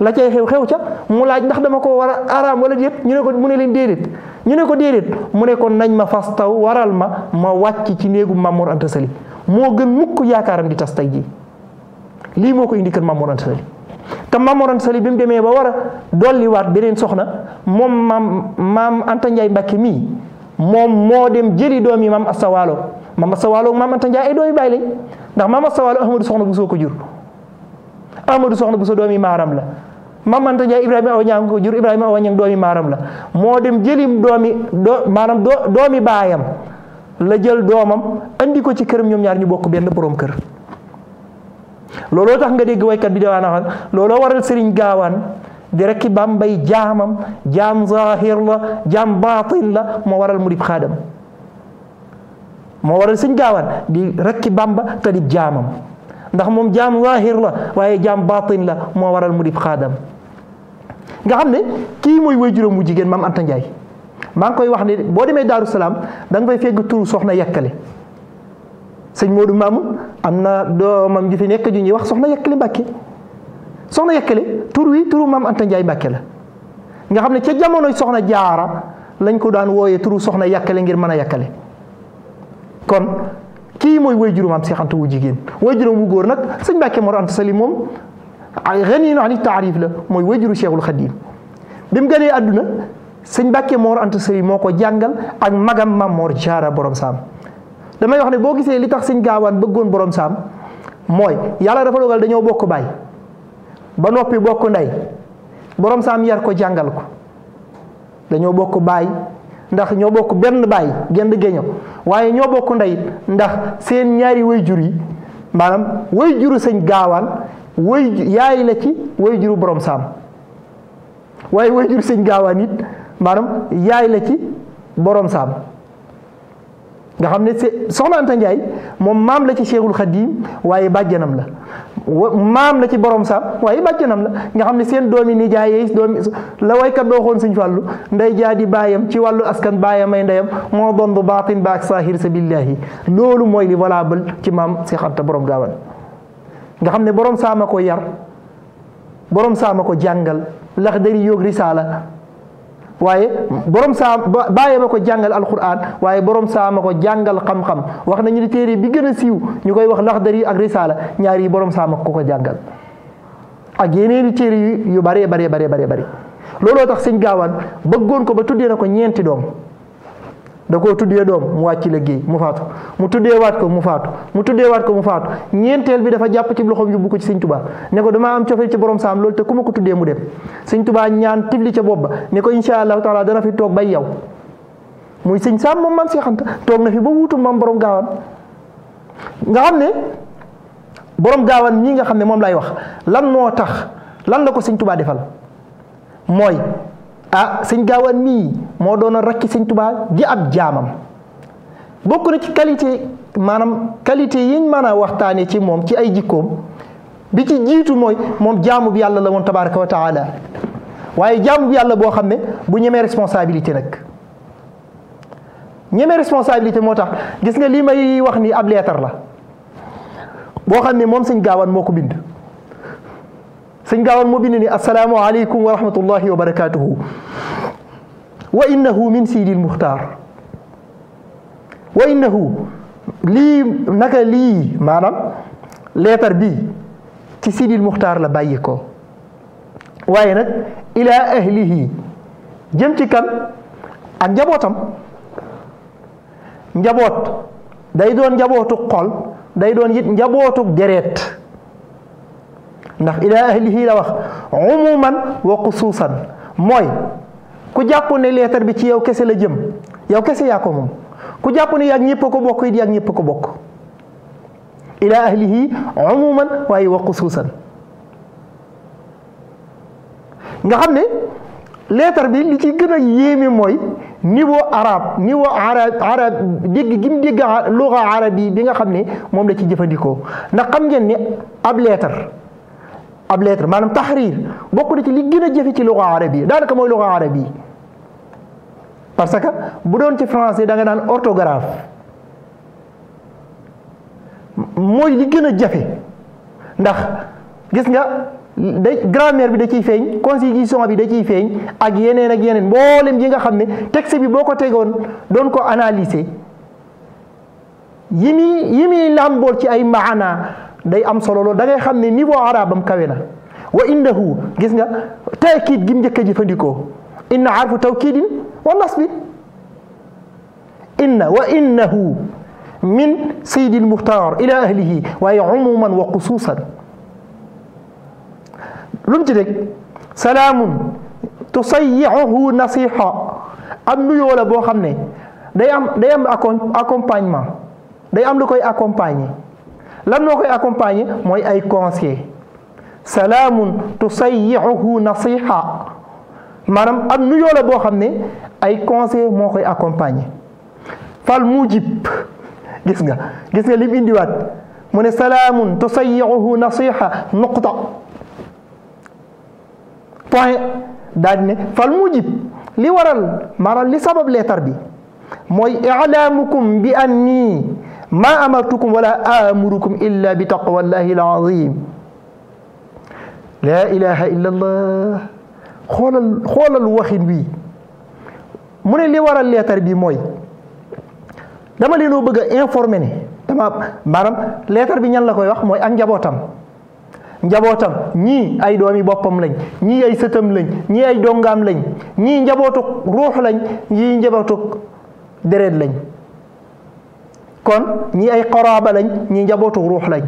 la cay xew xew ca mu laaj ndax dama ko war a araam wala déet ñu mu ne leen déedéet ñu ne ko déedéet mu ne ko nañ ma fas taw waral ma ma wàcc ci néegu Mamour Anta Sali moo gën mukk yaakaaram di tas tey jii lii moo ko indi kër Mamour Anta Sali te Mamour Anta Sali bi mu demee ba war dolliwaat beneen soxna moom maam maam Anta Ndiaye Mbacke mii moom moo dem jëli doom yi maam Asta Waalo maam Asta Waalo maam Anta Ndiaye ay doom yu bàyyi ndax maam Asta Waalo Ahmadou soxna bu soo ko jur Amadou Soxna Bousso doomi maaram la Mame Anta Ndiaye Ibrahima Awa doomi maaram la moo dem jëlim doomi doo maanaam doomi baayam la jël doomam andi ko ci këram ñoom ñaar ñu bokk benn borom kër looloo tax nga dégg waykat bi dawaa naxal looloo waral sëriñ gaawaan di rekki bàmbay jaamam jaam zahir la moo waral mu dib xaadam moo waral di rekki bàmba te dib jaamam ndax moom jaam zahir la waaye jaam batin la moo waral mu dib xaadam nga xam ne kii mooy way juróom wu jigéen maam Anta Ndiaye maa ngi koy wax ne boo demee Daaru Salaam da nga fay fegg turu soxna yekkale sëñ Moodu maamu am na doomam ju fi nekk ju ñuy wax soxna yekkale Mbàkke soxna yekkale tur wi turu maam Anta Ndiaye Mbàkke la nga xam ne ca jamonoy soxna jaara lañ ko daan wooyee turu soxna yekkale ngir mën a yekkale kii mooy way juróom am wu jigéen way juróom wu góor nag sëñ Mbàkke Mor Anta Sali moom gani ani taarif la mooy way juru Cheikhul di bi mu gënee àdduna sëñ Mbàkke Mor Anta Sali moo ko jàngal ak magam Mam Mor Jaara borom saam damay wax ne boo gisee li tax sëñ gaawaan bëggoon borom saam mooy yàlla dafa dogal dañoo bokk baay ba noppi bokk ndey borom saam yar ko jàngal ko dañoo bokk baay ndax ñoo bokk benn baay genn géño waaye ñoo bokk ndey ndax seen ñaari way jur yi maanaam wayjuru sëñ gaawaan way yaay la ci juru borom saam waaye wayjuru sëñ gaawaan it maanaam yaay la ci borom saam nga xam ne soxna Anta Ndiaye moom maam la ci Cheikhul yi waaye bàjjanam la maam la ci borom saam waaye bàjjanam la nga xam ne seen doomi nijaay yi doomi la waykat ba waxoon suñ fàllu nday jaa di baayam ci wàllu askan baayam ay ndeyam moo dondu baatin ba ak saahir sa billaahi loolu mooy li valable ci maam si xanta borom gaawan nga xam ne borom saama ko yar borom saama ko jàngal lax dari yóg risaala waaye borom saa bàyyee ma ko jàngal alquran waaye borom saa ma ko jàngal xam-xam wax nañu ni téere bi gën a siiw ñu koy wax laxdari ak risaala ñaar yi borom saa ma ko ko jàngal ak yeneen i téere yu bëree baree baree baree bëri looloo tax sëñ gaawaan bëggoon ko ba tuddee na ko ñeenti doom da koo tuddee doom mu wàcc liggéey mu faatu mu tuddee waat ko mu faatu mu tuddee waat ko mu faatu ñeenteel bi dafa jàpp ci loxoom yóbbu ko ci sëñ tubaa ne ko damaa am cofeel ci borom saam loolu te ku ma ko tuddee mu dem sëñ tubaa ñaan tibli ca bopp ba ne ko incha allahu taala dana fi toog bay yow muy sëñ saam moom maam seexanta toog na fi ba wuutu maam borom gaawaan nga xam ne borom gaawaan ñii nga xam ne moom lay wax lan moo tax lan la ko sëñ tubaa defal mooy ah sëñ gaawaan nii moo doon rakki sëñ tubaab ji ab jaamam bokk na ci qualité maanaam qualité yiñ mën a waxtaanee ci moom ci ay jikkoom bi ci jiitu mooy moom jaamu yàlla la woon tabaaraka wa taala waaye jaamu yàlla boo xam ne bu ñemee responsabilité nag ñemee responsabilité moo tax gis nga lii may wax nii ab leetar la boo xam ne moom sëñ gaawaan moo ko bind sëñ gaawaan moo bind ni assalaamu aleykum wa rahmatullahi wa barakaatuhu wa innahu min siidil muxtaar wa innahu lii naka lii maanaam leetar bi ci siidil muxtaar la bàyyi ko waaye nag ila ahlihi jëm ci kan ak njabootam njaboot day doon njabootu xol day doon it njabootu deret ndax ilaa ahlihi la wax umuman wa suusan mooy ku jàpp ne leetar bi ci yow kese la jëm yow kese yaa ko moom ku jàpp ne yaa ñëpp a ko bokk it yaa ko bokk ilaa ahlihi umuman waaye wa xusuusan nga xam ne leetar bi li ci gën a yéeme mooy niveau arabe niveau arabe bi nga xam ne moom la ci jëfandikoo ndax xam ngeen ni ab leetar ab lettre maanaam taxriir bokk na ci li gën a jafe ci luga arab yi daanaka mooy luga arab yi parce que bu doon ci français da nga naan orthographe mooy li gën a jafe ndax gis nga day grammaire bi da ciy feeñ constitution bi da ciy feeñ ak yeneen ak yeneen mboolem yi nga xam ne texte bi boo ko tegoon doon ko analyser yi muy yi muy làmbool ci ay maana day am solo loolu da xam ne niveau arabam kawe na wa indahu gis nga tawkiid gi mu njëkk a jëfandikoo inna arfu tawkiidin wa nasbin inna wa innahu min sayidi almuxtaar ila ahlihi waaye umuman wa xusuusan lu mu ci deg salaamun tusayiuhu nasiha am nuyoo la boo xam ne day am day am accompagnement day am lu koy accompagner lan moo koy accompagner mooy ay conseil salaamun tusayihuhu nasiha maanaam am nuyoo la boo xam ne ay conseil moo koy accompagner fal mujib gis nga gis nga lim indiwaat mu ne salaamun tusayihuhu nasiha nuqta point daal ne fal mujib li waral maanaam li sabab leetar bi mooy ilaamukum bi anni ma amartukum wala amurukum illa bi taqwallahi alazim laa ilaha illa allah xoolal waxin wi mu ne li waral leetar bi mooy dama leenoo bëgg a informer ne dama maanaam leetar bi ñan la koy wax mooy ak njabootam njabootam ñii ay doomi boppam lañ ñii ay sëtam lañ ñii ay dongaam lañ ñii njabootuk ruux lañ ñii njabootuk deret lañ kon ñi ay xoroba lañ ñi njabootu ruux lañ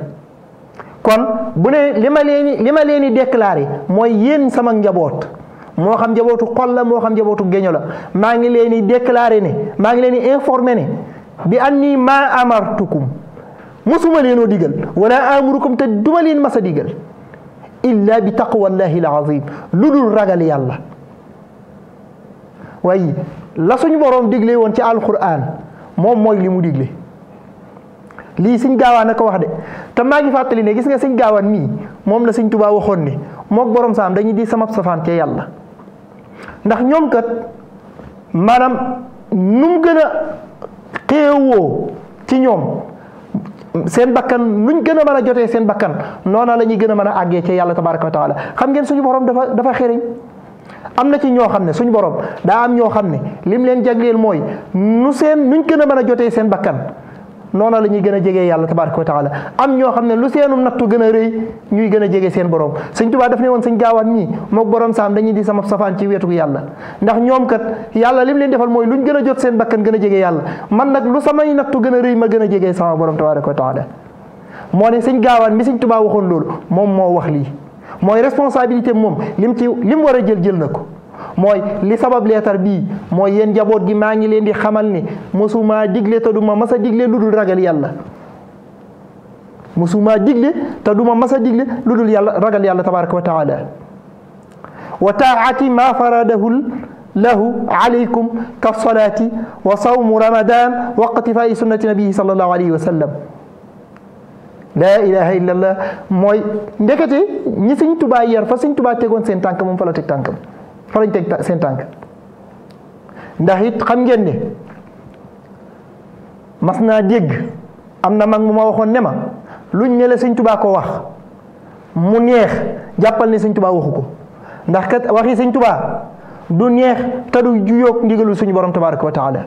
kon bu ne li ma leen li ma leen di déclaré mooy yéen sama njaboot moo xam njabootu xol la moo xam njabootu géño la maa ngi leen di déclaré ne maa ngi leen di informé ne bi an nii maa amartukum mosuma leenoo digal wala amurukum te duma leen mas a digal illa bi taqwallahi al azim lu dul ragal yàlla waaye la suñu boroom digle woon ci alquran moom mooy li mu digle lii sëñ gaawaan a ko wax de te maa ngi fàttali ne gis nga sëñ gaawaan nii moom la sëñ Tuubaa waxoon ne mook borom saam dañuy di sama safaan ca ndax ñoom kat maanaam nu gën a xéewoo ci ñoom seen bakkan nuñ gën a mën a jotee seen bakkan noona la ñuy gën a mën a àggee ci yàlla tabaraka wa taala xam ngeen suñu borom dafa dafa xëriñ am na ci ñoo xam ne suñu borom daa am ñoo xam ne lim leen jagleel mooy nu seen nuñ gën a mën a jotee seen bakkan noona lañuy gën a jegee yàlla tabaraka wa taala am ñoo xam ne lu seenum nattu gën a rëy ñuy gën a jege seen borom sëñ tubaa daf ne woon sëñ gaawaan ni mook borom saam dañuy di sama safaan ci weetuk yàlla ndax ñoom kat yàlla lim leen defal mooy luñ gën a jot seen bakkan gën a jege yàlla man nag lu samay nattu gën a rëy ma gën a jegee sama borom tabaraka wa taala moo ne sëñ gaawaan mi sëñ tubaa waxoon loolu moom moo wax lii mooy responsabilité moom lim ci lim war a jël jël na ko mooy li sabab leetar bii mooy yéen jaboot gi maa ngi leen di xamal ni mosumaa digle te duma mas a digle lu dul ragal yàlla mosumaa digle te duma mas a digle lu dul yàlla ragal yàlla tabaraka wa taala wa taati ma faradahul lahu alaykum ka salaati wa sawmu ramadan wa iqtifaa'i sunnati nabii sallallahu alayhi wa sallam laa ilaha illallah mooy ndekete ñi Sëñ Tuubaa yar fa Sëñ Tuubaa tegoon seen tànkam moom fa la teg tànkam fa lañ teg seen tànk ndax it xam ngeen ne mas naa dégg am na mag mu ma waxoon ne ma luñ ne la sëñ tubaa ko wax mu neex jàppal ne sëñ tubaa waxu ko ndax kat waxi sëñ tubaa du neex te du juyoog ndigalul suñu borom tabaraka wa taala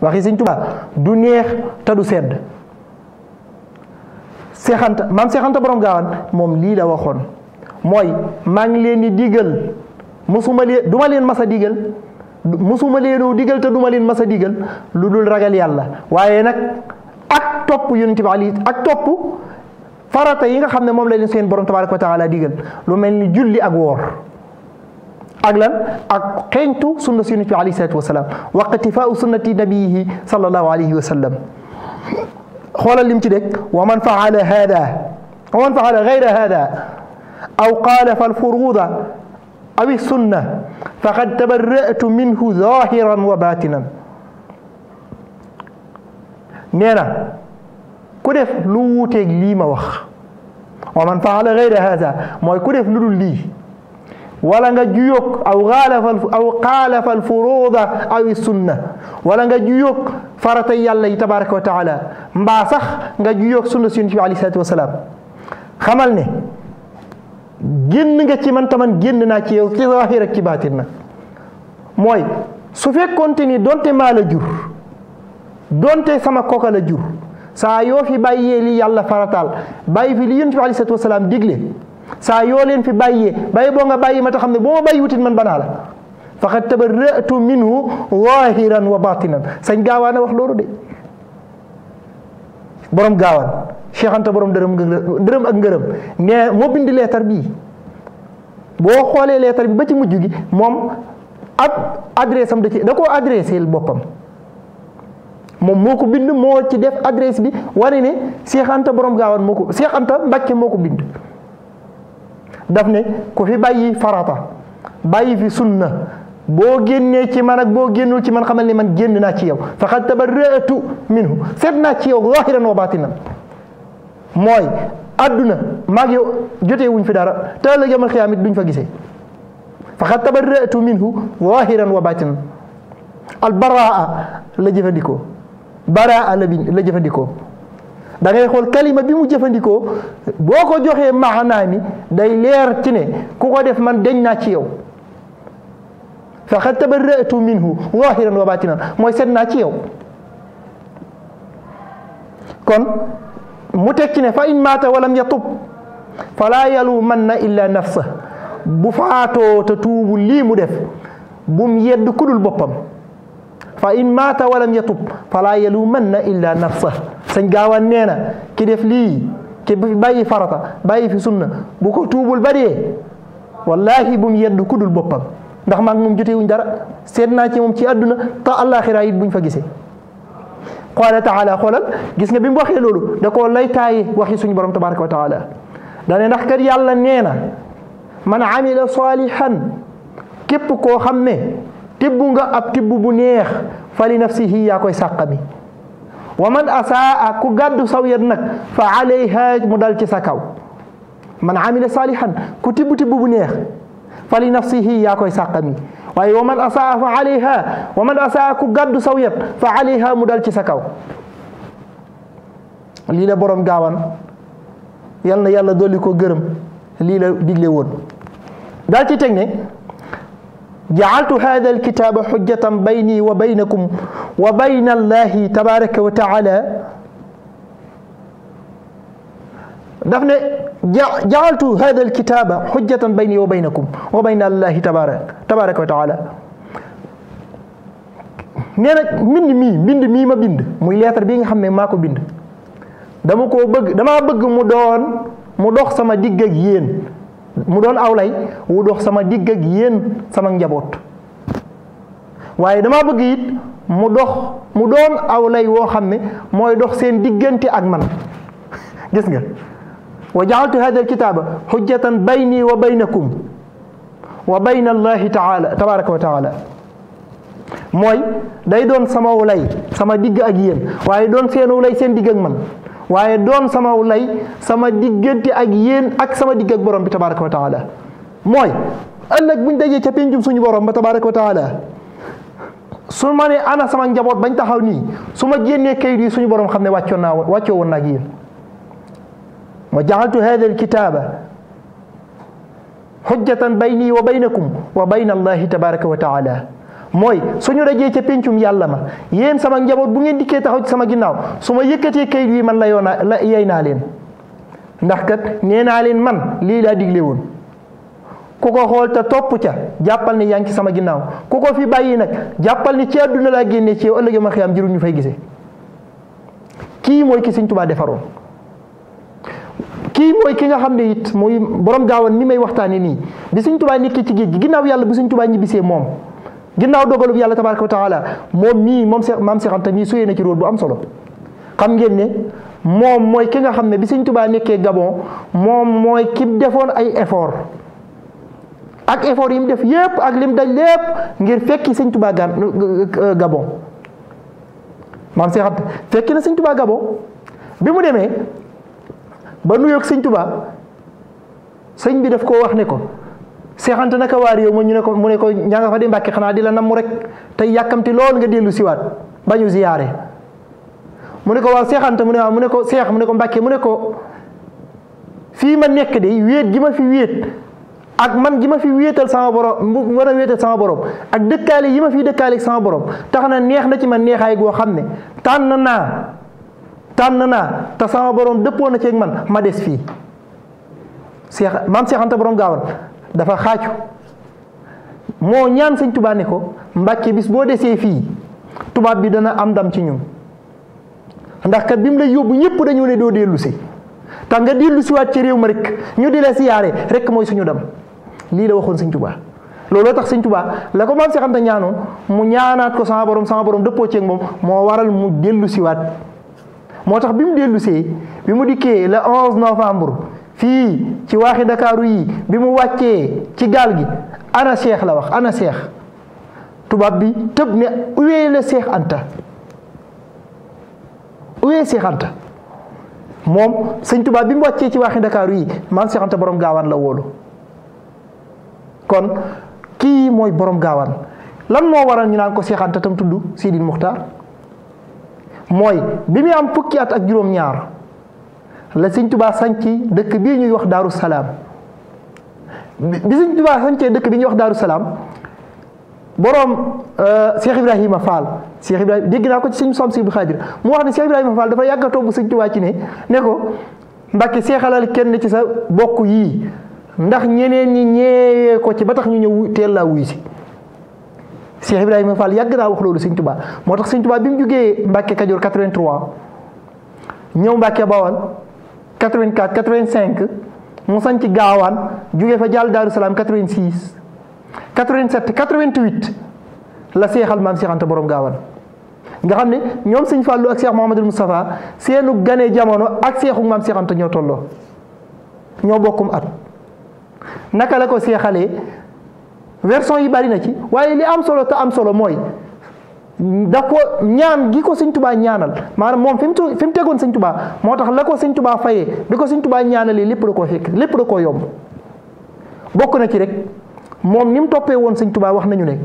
waxi sëñ tubaa du neex te du sedd seexanta maam seexanta borom gaawaan moom lii la waxoon mooy maa leen di digal musuma leen duma leen masa digal musuma leenoo digal te duma leen masa digal lu dul ragal yàlla waaye nag ak topp yonent bi ali ak topp farata yi nga xam ne moom la leen seen borom tabaraka wa taala digal lu mel ni julli ak woor ak lan ak xeeñtu sunna si yonent bi alayhi salaatu wasalaam waqtifaau sunnati nabiyihi sallallahu alayhi wa sallam xoolal lim ci dégg wa man faala hada wa man faala gayra hada aw qaala fal furuuda awi sunna faqad tabarratu minhu zahiran wa batinan nee na ku def lu wuuteeg lii ma wax wa man faala gayra hada mooy ku def lu dul lii wala nga juyóog aw xaalafa aw xaalafa alfuruuda awi sunna wala nga juyóog farata yàlla yi tabaraka wa taala mbaa sax nga juyóog sunna si yonent bi alayhi salaatu wasalaam xamal ne génn nga ci man taman génn naa ci yow ci zaahir ak ci baatin na mooy su fekkoonte ni donte maa la jur donte sama koka la jur saa yoo fi bàyyee li yàlla farataal bàyyi fi li yonent bi aleyhi salaatu wa salaam saa yoo leen fi bàyyee bàyyi boo nga bàyyi ma ta xam ne boo ma bàyyi wutit man banaa la faqad tabarra'tu minhu zaahiran wa baatinan sañ gaawaa wax loolu de boroom gaawaan Cheikh Anta borom dërëm dërëm ak ngërëm mais moo bind leetar bii boo xoolee leetar bi ba ci mujj gi moom ab adresse am da ci da koo adressé boppam moom moo ko bind moo ci def adresse bi wane ne Cheikh Anta borom gaawaan moo ko Cheikh Anta Mbàkke moo ko bind daf ne ku fi bàyyi farata bàyyi fi sunna boo génnee ci man ak boo génnul ci man xamal ni man génn naa ci yow faqad tabarra'tu minhu seet naa ci yow zaahiran wa baatinan mooy adduna maag yow jotee wuñ fi dara te ëllëg duñ fa gisee faqad tabarra'tu minhu zaahiran wa baatinan al baraa la jëfandikoo baraa la la jëfandikoo da xool kalima bi mu jëfandikoo boo ko joxee maanaa mi day leer ci ne ku ko def man deñ naa ci yow faqad tabarra'tu minhu zahiran wa batinan mooy seet naa ci yow kon mu tekki ne fa in maata walam yatub fala yalumanna illa nafsa bu faatoo tuubu lii mu def bum yedd kudul boppam fa in maata walam yatub fala yalumanna illa nafsa sañ gaawaan nee na ki def lii ki bàyyi farata bàyyi fi sunna bu ko tuubul ba dee wallahi bum yedd kudul boppam ndax man ngi moom jotewuñ dara seet naa ci moom ci àdduna te àllaaxira it buñ fa gisee qaala taala xoolal gis nga bi mu waxee loolu da koo lay taayi waxi suñu borom tabaraka wa taala ndax kat yàlla nee na man amila saalihan képp koo xam ne tibb nga ab tibb bu neex fa li nafsihi yaa koy sàqami wa man asaa ku gàddu saw yet nag fa alayha mu dal ci sa kaw man amila saalihan ku tibb tibb bu neex fa li nafsihi yaa koy sàqami waaye wa man asaa fa alayha wa man asaa ku gàddu saw yet fa alayha mu dal ci sa kaw lii la borom gaawaan yal na yàlla dolli ko gërëm lii la digle woon dal ci teg ne jacaltu hada alkitaaba xujjatan bayni wa baynakum wa bayna allahi tabaraka wa taala daf ne jaaltu hada alkitaba hujjatan bayni wa baynakum wa bayna allahi tabaraka wa taala nee na mbind mii mbind mii ma bind muy lettre bi nga xam ne maa ko bind dama koo bëgg dama bëgg mu doon mu dox sama digg yéen mu doon awlay wu dox sama digg yéen sama njaboot waaye damaa bëgg it mu dox mu doon awlay woo xam ne mooy dox seen diggante ak man gis nga wa jaaltu hada alkitaba hujjatan bayni wa baynakum wa bayna allahi taala tabaraka wa taala mooy day doon sama wulay sama digg ak yéen waaye doon seen wulay seen digg man waaye doon sama wulay sama diggante ak yéen ak sama digg ak borom bi tabaraka wa taala mooy ëllëg buñ dajee ca pénjum suñu borom ba tabaraka wa taala su ma ne ana sama njaboot bañ taxaw nii su ma génnee kayit yi suñu borom xam ne wàccoon naa wàccoo woon naa وجعلت هذا الكتاب xujjatan bayni wa baynakum wa bayna allahi tabaraka wa taala mooy suñu dajee ca péncum yàlla ma yéen sama njaboot bu ngeen dikkee taxaw ci sama ginnaaw su ma yëkkatee kayit wi man la yoon la yey naa leen ndax kat nee naa leen man lii laa digle woon ku ko xool te topp ca jàppal ne yaa ngi sama ginnaaw ku ko fi bàyyi nag jàppal ne ci àdduna laa génnee ci yow ëllëg ma xiyaam ñu fay gise kii mooy ki Sëñ Tuubaa defaroon kii mooy ki nga xam ne it mooy borom gaawan ni may waxtaanee nii bi suñ tubaa nekkee ci géej gi ginnaaw yàlla bu suñ tubaa ñibbisee moom ginnaaw dogalub yàlla tabaraka wa taala moom mii moom Seex maam Seex Anta mii suyee na ci rôle bu am solo xam ngeen ne moom mooy ki nga xam ne bi suñ tubaa nekkee Gabon moom mooy defoon ay effort ak effort yi mu def yépp ak lim daj lépp ngir fekki suñ tubaa euh, maam Seex Anta fekki na suñ tubaa Gabon bi mu demee ba nuyook sëñ Tuubaa sëñ bi daf koo wax ne ko seexante naka waar yow ma ñu ne ko mu ne ko ñaa nga di mbàkke xanaa di la namm rek tey yàkkamti lool nga dellu siwaat ba ziyaare mu ne ko waaw seexante mu ne mu ne ko seex mu ne ko mbàkke mu ne ko fii ma nekk de wéet gi ma fi wéet ak man gi ma fi wéetal sama borom mu war a wéetal sama borom ak dëkkaale yi ma fi dëkkaale sama borom tax na neex na ci man neexaay goo xam ne tànn naa tànn naa te sama borom dëppoo na ceeg man ma des fii seex maam seexanta borom gaawan dafa xaaju moo ñaan sëñ Tuubaa ne ko Mbàkke bis boo desee fii tubaab bi dana am ndam ci ñun ndax kat bi mu lay yóbbu ñëpp dañu ne doo dellu si tax nga dellu si ci réew ma rekk ñu di la siyaare rekk mooy suñu dam lii la waxoon sëñ Tuubaa looloo tax sëñ Tuubaa la ko maam seexanta ñaanoo mu ñaanaat ko sama boroom sama borom dëppoo ceeg moom moo waral mu dellu si moo tax bi mu dellusee bi mu dikkee le 11 novembre fii ci waaxi ndakaaru yi bi mu wàccee ci gaal gi ana seex la wax ana seex tubaab bi tëb ne uwee la seex anta uwee seex moom sëñ tubaab bi mu wàccee ci waaxi ndakaaru yi maam seex anta borom gaawaan la wóolu kon kii mooy borom gaawaan lan moo waral ñu naan ko seex tam tudd Sidi Muxtaar mooy bi muy am fukki at ak juróom-ñaar la sëñ tubaa sanc dëkk bii ñuy wax daaru salaam bi sëñ tubaa sancee dëkk bi ñuy wax daaru salaam boroom euh, Cheikh Ibrahima Fall Cheikh Ibrahima dégg naa ko ci sëñ som si bu xaadir mu wax ne Cheikh Ibrahima Fall dafa yàggatoo bu sëñ tubaa ci ne ne ko mbàkke seexalal kenn ci sa bokk yii ndax ñeneen ñi ñeewee ko ci ba tax ñu ñëw teel laa wuy si Cheikh Ibrahima Fall yàgg naa wax loolu Sëñ Tuubaa moo tax Sëñ Tuubaa bi mu jógee Mbàkke Kajoor 83 ñëw Mbàkke Bawol 84 85 mu sañ ci gaawaan jógee fa jàll Daaru Salaam 86 87 88 la seexal maam Seex boroom borom gaawaan nga xam ne ñoom Sëñ Fallu ak Seex Muhammadul Moustapha seenu ganee jamono ak seexu maam Seex Anta ñoo tolloo ñoo bokkum at naka la ko seexalee version yi bari na ci waaye li am solo te am solo mooy da ko ñaan gi ko sëñ tubaa ñaanal maanaam moom fi mu fi mu tegoon sëñ tubaa moo tax la ko sëñ tubaa fayee di ko sëñ tubaa ñaanalee lépp da koo fekk lépp da koo yomb bokk na ci rek moom ni mu toppee woon sëñ wax nañu ne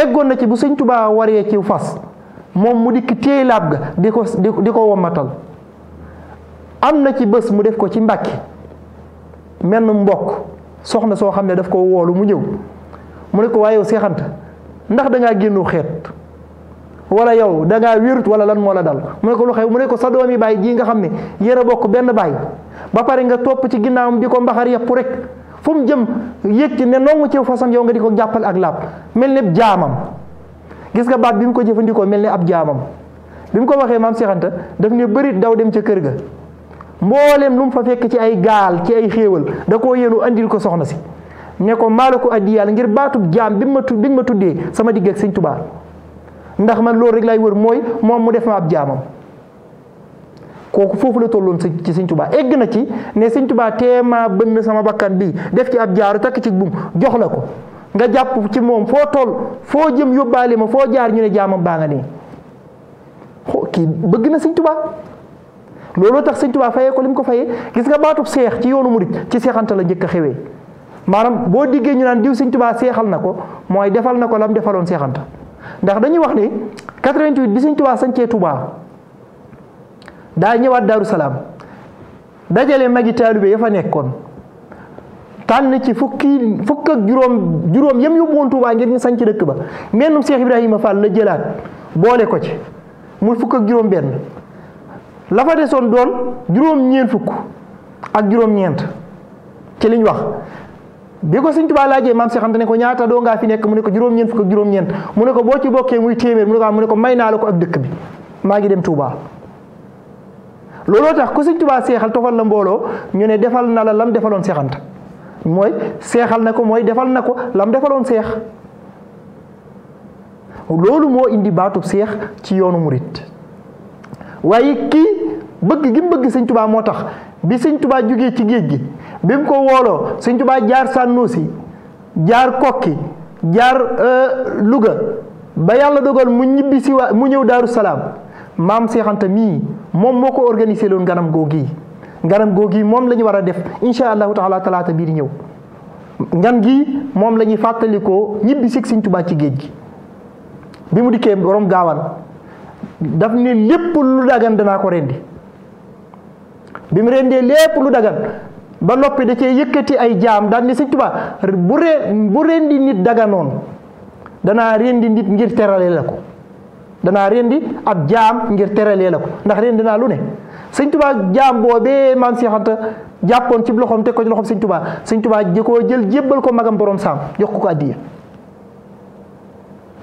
eggoon na ci bu sëñ waree ci fas moom mu dikk téye laab ga di ko di ko wommatal am na ci bés mu def ko ci mbàkki menn mbokk soxna soo xam ne daf ko woolu mu ñëw mu ne ko waaye yow seexanta ndax dangaa génnu xeet wala yow dangaa wérut wala lan moo la dal mu ne ko lu xew mu ne ko sa doomi baay jii nga xam ne yéen bokk benn baay ba pare nga topp ci ginnaawam di ko mbaxar yëpp rek fu mu jëm yëg ci ne nongu ci fasam yow nga di ko jàppale ak làpp mel ne jaamam gis nga baat bi mu ko jëfandikoo mel ne ab jaamam bi mu ko waxee maam seexanta daf ne bari daw dem ca kër ga mboolem lu mu fa fekk ci ay gaal ci ay xéewal da koo yéenu indil ko soxna si ne ko maa la ko addi yàlla ngir baatub jaam bi ma tu bi ma tuddee sama digg ak sëñ Tuubaa ndax man loolu rek lay wër mooy moom mu def ma ab jaamam kooku foofu la tolloon ci sëñ Tuubaa egg na ci ne sëñ Tuubaa teema bënn sama bakkan bi def ci ab jaaru takk ci buum jox la ko nga jàpp ci moom foo toll foo jëm yóbbaale ma foo jaar ñu ne jaamam baa nga nii kii bëgg na sëñ Tuubaa looloo tax sëñ Tuubaa fayee ko li mu ko fayee gis nga baatub seex ci yoonu murit ci seexanta la njëkk a xewee maanaam boo diggee ñu naan diw sëñ Tuubaa seexal na ko mooy defal na ko lam defaloon seexanta ndax dañuy wax ni 88 bi sëñ Tuubaa sañcee Tuubaa daa ñëwaat Daaru Salaam dajale magi taalibe ya fa nekkoon tànn ci fukki fukk ak juróom juróom yam yóbbu woon Tuubaa ngir ñu sañc dëkk ba mennum Seex Ibrahima Fall la jëlaat boole ko ci mu fukk ak juróom benn la fa desoon doon juróom-ñeent fukk ak juróom-ñeent ci liñ wax bi ko sëñ Tuubaa laajee maam Seex ne ko ñaata doo ngaa fi nekk mu ne ko juróom-ñeent fukk ak juróom-ñeent mu ne ko boo ci bokkee muy téeméer mu ne ko ah, ne ko may naa la ko ak dëkk bi maa ngi dem tuubaa looloo tax ko sëñ Tuubaa seexal tofal la mbooloo ñu ne defal na la lam defaloon Seex Anta mooy seexal na ko mooy defal na ko lam defaloon seex loolu moo indi baatub seex ci yoonu murit waaye kii bëgg gi mu bëgg sëñ tubaa moo tax bi sëñ tubaa jógee ci géej gi bi mu ko wooloo sëñ tubaa jaar sànnuusi jaar kokki jaar euh, Louga ba yàlla dogal mu ñibbi si waa mu ñëw daaru salaam maam seexanta mii moom moo ko organisé loon nganam googi nganam googi moom la ñu war a def incha allahu taala talaata bii di ñëw ngan gi moom lañuy ñuy fàttalikoo ñibbi si sëñ tubaa ci géej gi bi mu dikkee borom gaawan daf ne lépp lu dagan danaa ko rendi bi mu rendee lépp lu dagan ba noppi da cee yëkkati ay jaam daan ni sëñ Tuubaa bu re bu rendi nit daganoon danaa rendi nit ngir teralee la ko danaa rendi ab jaam ngir teralee la ko ndax rendi naa lu ne sëñ Tuubaa jaam boobee maam Seex Anta jàppoon ci loxoom teg ko ci loxoom sëñ Tuubaa sëñ Tuubaa ji jël jébbal ko magam borom saam jox ko ko àddiya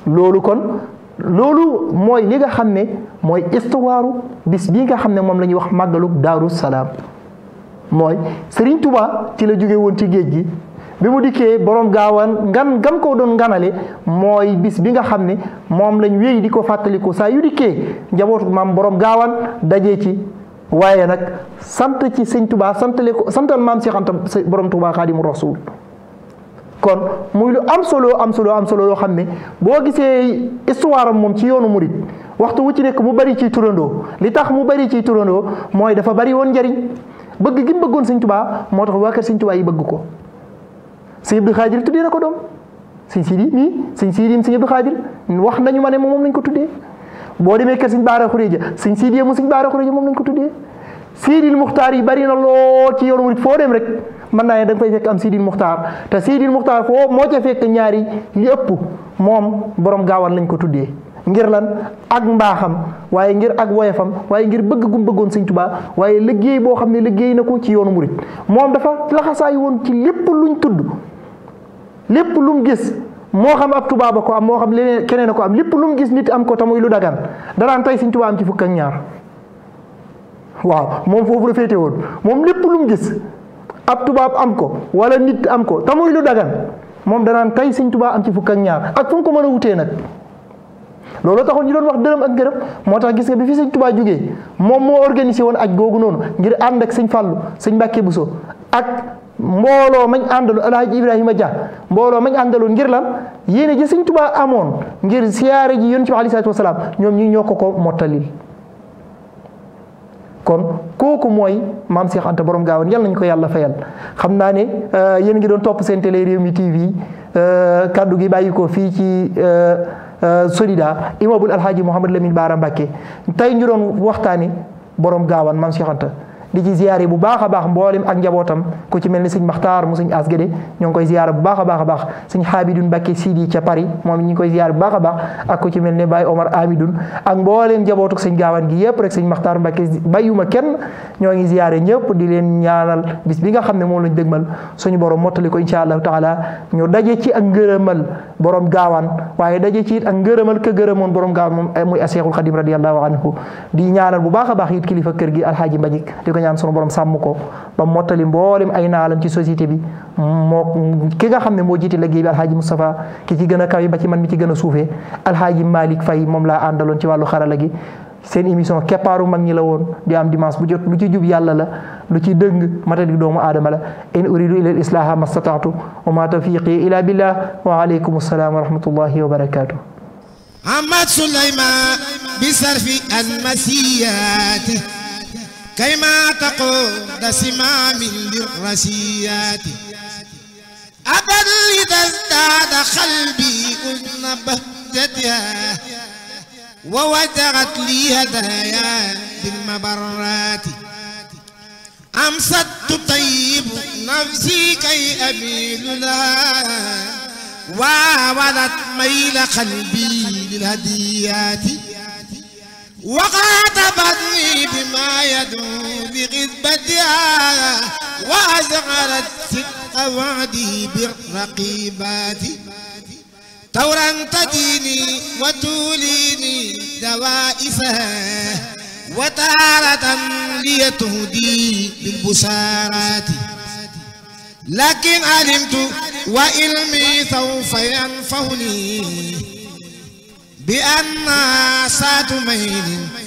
loolu kon loolu mooy li nga xam ne mooy istuwaaru bis bi nga xam ne moom lañuy wax màggalub daaru salaam mooy sëriñ Touba ci la jóge woon ci géej gi bi mu dikkee boroom gaawaan ngan gan ko doon nganale mooy bis bi nga xam ne moom lañu wéy di ko fàttaliku saa yu dikkee njabootu maam borom gaawaan dajee ci waaye nag sant ci sëñ Touba santale ko santal maam Cheikh Anta borom Touba Xaadimu Rasuul kon muy lu am solo am solo am solo loo xam ne boo gisee histoire am moom ci yoonu murit waxtu wu ci nekk mu bari ci turandoo li tax mu bari ci turandoo mooy dafa bari woon njariñ bëgg gi mu bëggoon sëñ tubaa moo tax waa kër sëñ tubaa yi bëgg ko sëñ Abdou Xaadir tuddee na ko doom sëñ Siidi mii sëñ Siidi sëñ Abdou Xaadir wax nañu ma ne moom lañ ko tuddee boo demee kër sëñ Baara Xuréja sëñ Siidi mu sëñ Baara Xuréja moom lañ ko tuddee Siidil Muxtaar yi bari na lool ci yoonu murit foo dem rek mën naa ne da nga fay fekk am Sidil Muxtaar te Sidil Muxtaar foo moo ca fekk ñaari li ëpp moom boroom gaawan lañ ko tuddee ngir lan ak mbaaxam waaye ngir ak woyefam waaye ngir bëgg gum bëggoon sëñ Tuubaa waaye liggéey boo xam ne liggéey na ko ci yoonu murit moom dafa laxasaay woon ci lépp luñ tudd lépp lu mu gis moo xam ab tubaab a ko am moo xam leneen keneen a ko am lépp lu gis nit am ko tamuy lu dagan danaan tey sëñ Tuubaa am ci fukk ñaar waaw moom foofu moom lépp lu gis ab tubaab am ko wala nit am ko te muy lu dagan moom danaan kay sëñ tubaab am ci fukk ak ñaar ak fu ko mën a wutee nag loolu taxoon ñu doon wax dërëm ak ngërëm moo tax gis nga bi fi sëñ Tuubaa jógee moom moo organisé woon aj googu noonu ngir ànd ak sëñ Fàllu sëñ Mbàkke Buso ak mbooloo mañ àndaloon Alaaji Ibrahima Dia mbooloo mañ àndaloon ngir lan yéene ji sëñ Tuubaa amoon ngir siyaare ji Yonent bi aleyhi salaatu wa ñoom ñi ñoo ko ko mottalil kon kooku mooy maam Cheikh Anta borom gaawan yal nañ ko yàlla fayal xam naa ne euh, yéen ngi doon topp seen télé Rewmi TV euh, kaddu gi bàyyi ko fii ci euh, Solida imaamul alhaaji Mouhamed Lamine Baara mbakke tey ñu doon waxtaani borom gaawan maam Cheikh Anta di ci ziyaare bu baax a baax mboolem ak njabootam ku ci mel ni sëñ Maxtaar mu sëñ Asgede ñoo ngi koy ziyaare bu baax a baax a baax sëñ Xaabidun Mbàkke Sidi ca Paris moom ñu ngi koy ziyaare bu baax a baax ak ku ci mel ne Baye Omar Amidun ak mboolem njabootuk sëñ Gaawaan gi yépp rek sëñ Maxtaar Mbàkke bayuma kenn ñoo ngi ziyaare ñëpp di leen ñaanal bis bi nga xam ne moom lañ mal suñu borom mottali ko insha allahu taala ñu daje ci ak ngërëmal borom gaawaan waaye daje ci ak ngërëmal ka gërëmoon borom gaawaan moom eh, muy Seexul Xadim radiyallahu anhu di ñaanal bu baax baax it kilifa kër gi alxaaji Mbajik ñaan sunu borom sàmm ko ba mottali mboolem ay naalam ci société bi moo ki nga xam ne moo jiite liggéey bi alhaaji Moustapha ki ci gën a kawe ba ci man mi ci gën a suufee alhaaji Malick Faye moom laa àndaloon ci wàllu xarala i seen émission keppaaru mag la woon di am dimanche bu jot lu ci jub yàlla la lu ci dëng matadi doomu aadama la in uridu ila islaaha mastataatu wa ma tawfiqi ila billah wa aleykum assalaam wa rahmatullahi wa barakatuh كيما تقود سمام للرسيات أبا إذا ازداد قلبي أذن بهجتها ووجرت لي هدايا بالمبرات أمست تطيب نفسي كي أميل لها وعودت ميل قلبي للهديات وخاطبتني بما يدعو لغذبتها وأزغرت صدق وعدي بالرقيبات تورا تديني وتوليني دوائفها وتارة ليتهدي بالبشارات لكن علمت وإلمي سوف ينفعني bi anna saatu maynin